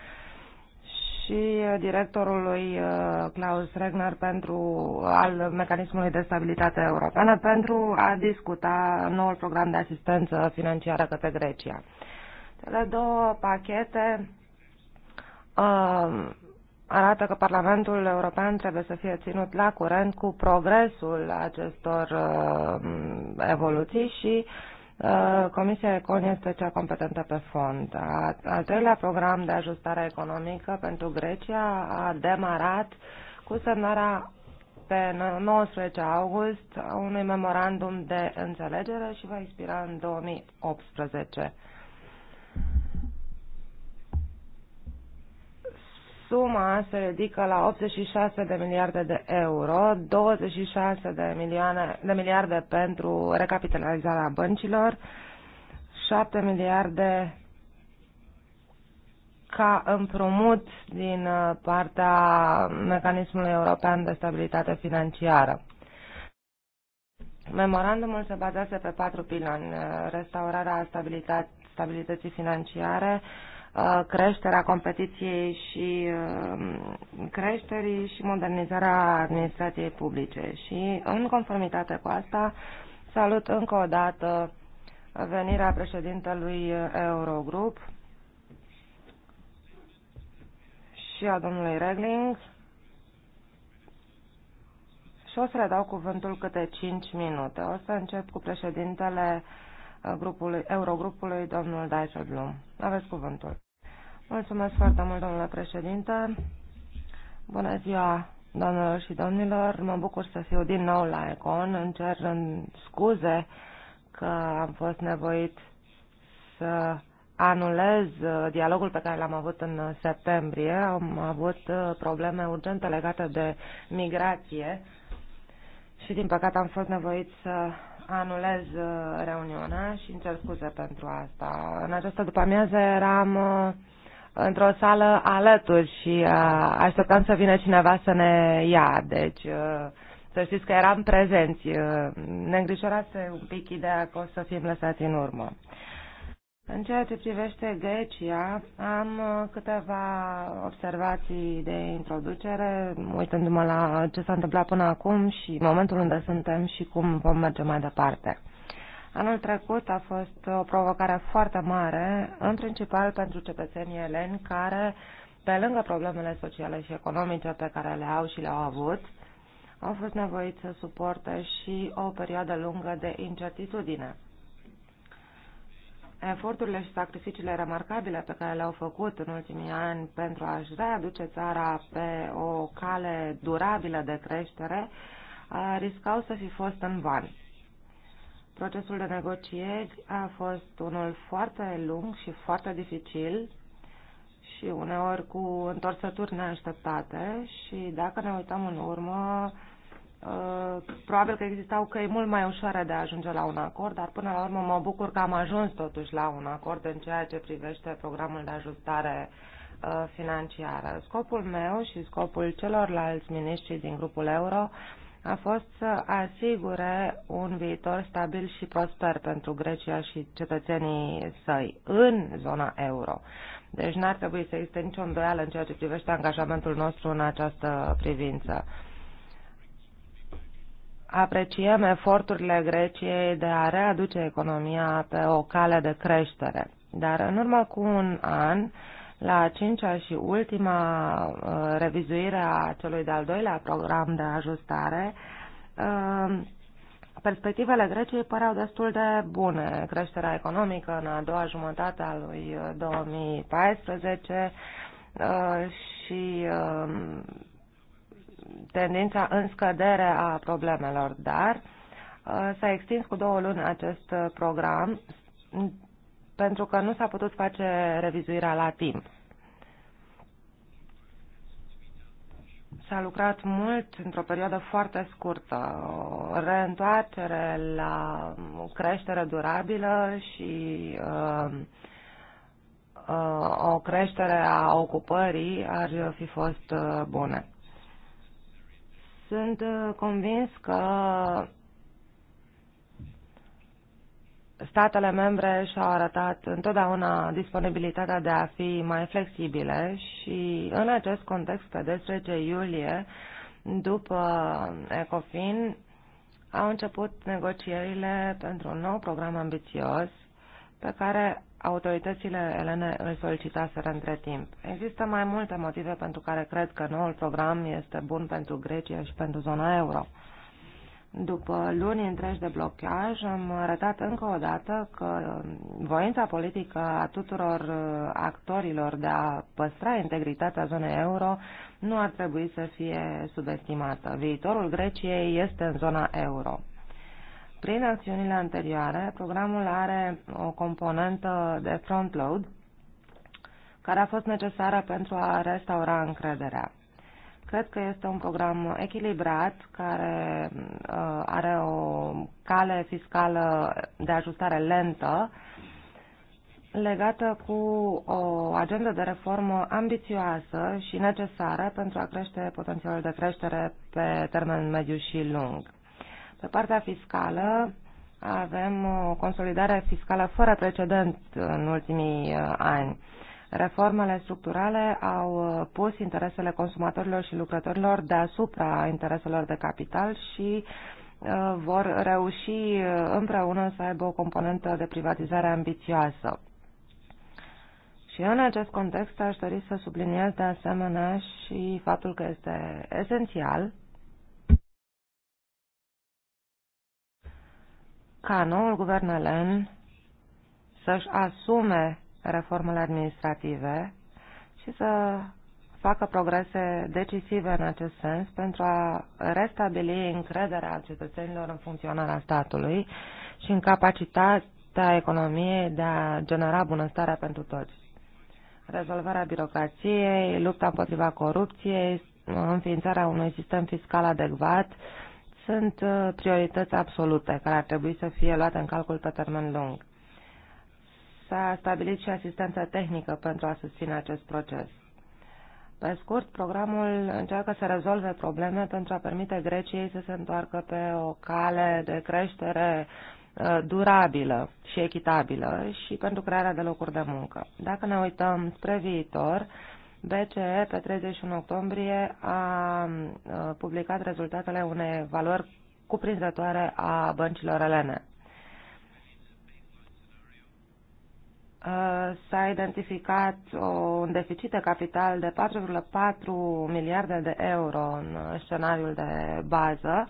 și uh, directorului uh, Klaus Regner pentru, al Mecanismului de Stabilitate Europeană pentru a discuta noul program de asistență financiară către Grecia. Cele două pachete uh, arată că Parlamentul European trebuie să fie ținut la curent cu progresul acestor uh, evoluții și uh, Uh, Comisia Econ este cea competentă pe fond. Al treilea program de ajustare economică pentru Grecia a demarat cu semnarea pe 19 august unui memorandum de înțelegere și va expira în 2018. suma se ridică la 86 de miliarde de euro, 26 de, milioane, de miliarde pentru recapitalizarea băncilor, 7 miliarde ca împrumut din uh, partea mecanismului european de stabilitate financiară. Memorandumul se bazează pe patru piloni, uh, restaurarea stabilității financiare, uh, Uh, creșterea competiției și um, creșterii și modernizarea administrației publice. Și în conformitate cu asta, salut încă o dată venirea președintelui Eurogrup și a domnului Regling și o să le dau cuvântul câte 5 minute. O să încep cu președintele uh, grupului, Eurogrupului, domnul Dijsselbloem. Aveți cuvântul. Mulțumesc foarte mult, domnule președinte. Bună ziua, doamnelor și domnilor. Mă bucur să fiu din nou la Econ. Încerc în scuze că am fost nevoit să anulez uh, dialogul pe care l-am avut în septembrie. Am avut uh, probleme urgente legate de migrație și, din păcate, am fost nevoit să anulez uh, reuniunea și îmi cer scuze pentru asta. În această după-amiază eram uh, într-o sală alături și uh, așteptam să vină cineva să ne ia. Deci să știți că eram prezenți. Ne îngrijorase un pic ideea că o să fim lăsați în urmă. În ceea ce privește Grecia, am uh, câteva observații de introducere, uitându-mă la ce s-a întâmplat până acum și momentul unde suntem și cum vom merge mai departe. Anul trecut a fost o provocare foarte mare, în principal pentru cetățenii eleni care, pe lângă problemele sociale și economice pe care le au și le-au avut, au fost nevoiți să suporte și o perioadă lungă de incertitudine eforturile și sacrificiile remarcabile pe care le-au făcut în ultimii ani pentru a-și readuce țara pe o cale durabilă de creștere riscau să fi fost în van. Procesul de negocieri a fost unul foarte lung și foarte dificil și uneori cu întorsături neașteptate și dacă ne uităm în urmă, Uh, probabil că existau căi mult mai ușoare de a ajunge la un acord, dar până la urmă mă bucur că am ajuns totuși la un acord în ceea ce privește programul de ajustare uh, financiară. Scopul meu și scopul celorlalți miniștri din grupul euro a fost să asigure un viitor stabil și prosper pentru Grecia și cetățenii săi în zona euro. Deci n-ar trebui să existe nicio îndoială în ceea ce privește angajamentul nostru în această privință apreciem eforturile Greciei de a readuce economia pe o cale de creștere. Dar în urmă cu un an, la cincea și ultima uh, revizuire a celui de-al doilea program de ajustare, uh, perspectivele Greciei păreau destul de bune. Creșterea economică în a doua jumătate a lui 2014 uh, și tendința în scădere a problemelor, dar uh, s-a extins cu două luni acest uh, program pentru că nu s-a putut face revizuirea la timp. S-a lucrat mult într-o perioadă foarte scurtă. O reîntoarcere la creștere durabilă și uh, uh, o creștere a ocupării ar fi fost uh, sunt uh, convins că statele membre și-au arătat întotdeauna disponibilitatea de a fi mai flexibile și în acest context, pe 10 iulie, după ECOFIN, au început negocierile pentru un nou program ambițios pe care autoritățile elene îl solicitaseră între timp. Există mai multe motive pentru care cred că noul program este bun pentru Grecia și pentru zona euro. După luni întregi de blocaj, am arătat încă o dată că voința politică a tuturor uh, actorilor de a păstra integritatea zonei euro nu ar trebui să fie subestimată. Viitorul Greciei este în zona euro. Prin acțiunile anterioare, programul are o componentă de front-load care a fost necesară pentru a restaura încrederea. Cred că este un program echilibrat care uh, are o cale fiscală de ajustare lentă legată cu o agendă de reformă ambițioasă și necesară pentru a crește potențialul de creștere pe termen mediu și lung. Pe partea fiscală avem o consolidare fiscală fără precedent în ultimii uh, ani. Reformele structurale au uh, pus interesele consumatorilor și lucrătorilor deasupra intereselor de capital și uh, vor reuși împreună să aibă o componentă de privatizare ambițioasă. Și în acest context aș dori să subliniez de asemenea și faptul că este esențial ca noul guvern elen să-și asume reformele administrative și să facă progrese decisive în acest sens pentru a restabili încrederea cetățenilor în funcționarea statului și în capacitatea economiei de a genera bunăstarea pentru toți. Rezolvarea birocrației, lupta împotriva corupției, înființarea unui sistem fiscal adecvat, sunt uh, priorități absolute care ar trebui să fie luate în calcul pe termen lung. S-a stabilit și asistența tehnică pentru a susține acest proces. Pe scurt, programul încearcă să rezolve probleme pentru a permite Greciei să se întoarcă pe o cale de creștere uh, durabilă și echitabilă și pentru crearea de locuri de muncă. Dacă ne uităm spre viitor, BCE pe 31 octombrie a publicat rezultatele unei valori cuprinzătoare a băncilor elene. S-a identificat un deficit de capital de 4,4 miliarde de euro în scenariul de bază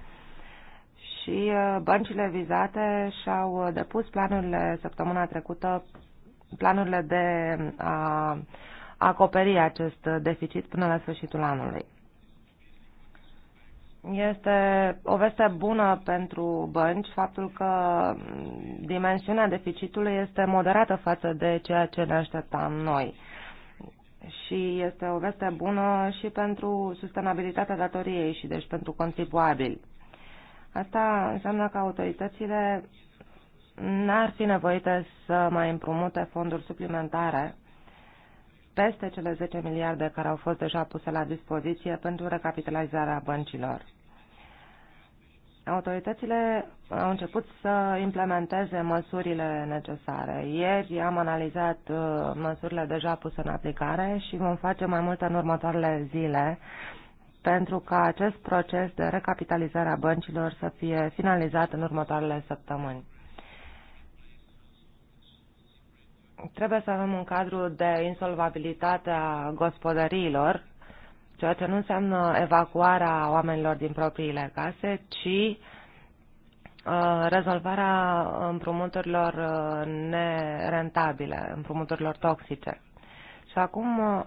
și băncile vizate și-au depus planurile săptămâna trecută, planurile de a acoperi acest deficit până la sfârșitul anului. Este o veste bună pentru bănci faptul că dimensiunea deficitului este moderată față de ceea ce ne așteptam noi. Și este o veste bună și pentru sustenabilitatea datoriei și deci pentru contribuabili. Asta înseamnă că autoritățile n-ar fi nevoite să mai împrumute fonduri suplimentare peste cele 10 miliarde care au fost deja puse la dispoziție pentru recapitalizarea băncilor. Autoritățile au început să implementeze măsurile necesare. Ieri am analizat uh, măsurile deja puse în aplicare și vom face mai multe în următoarele zile pentru ca acest proces de recapitalizare a băncilor să fie finalizat în următoarele săptămâni. Trebuie să avem un cadru de insolvabilitate a gospodăriilor, ceea ce nu înseamnă evacuarea oamenilor din propriile case, ci uh, rezolvarea împrumuturilor uh, nerentabile, împrumuturilor toxice. Și acum uh,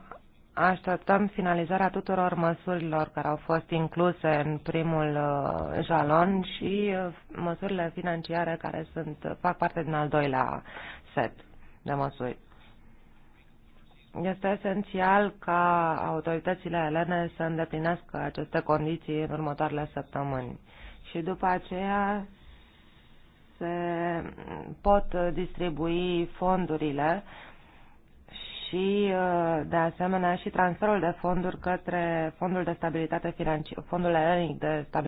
așteptăm finalizarea tuturor măsurilor care au fost incluse în primul jalon și măsurile financiare care sunt, fac parte din al doilea set de măsuri. Este esențial ca autoritățile elene să îndeplinească aceste condiții în următoarele săptămâni și după aceea se pot distribui fondurile și, de asemenea, și transferul de fonduri către Fondul de Stabilitate Financiară, Fondul Elenic de Stabilitate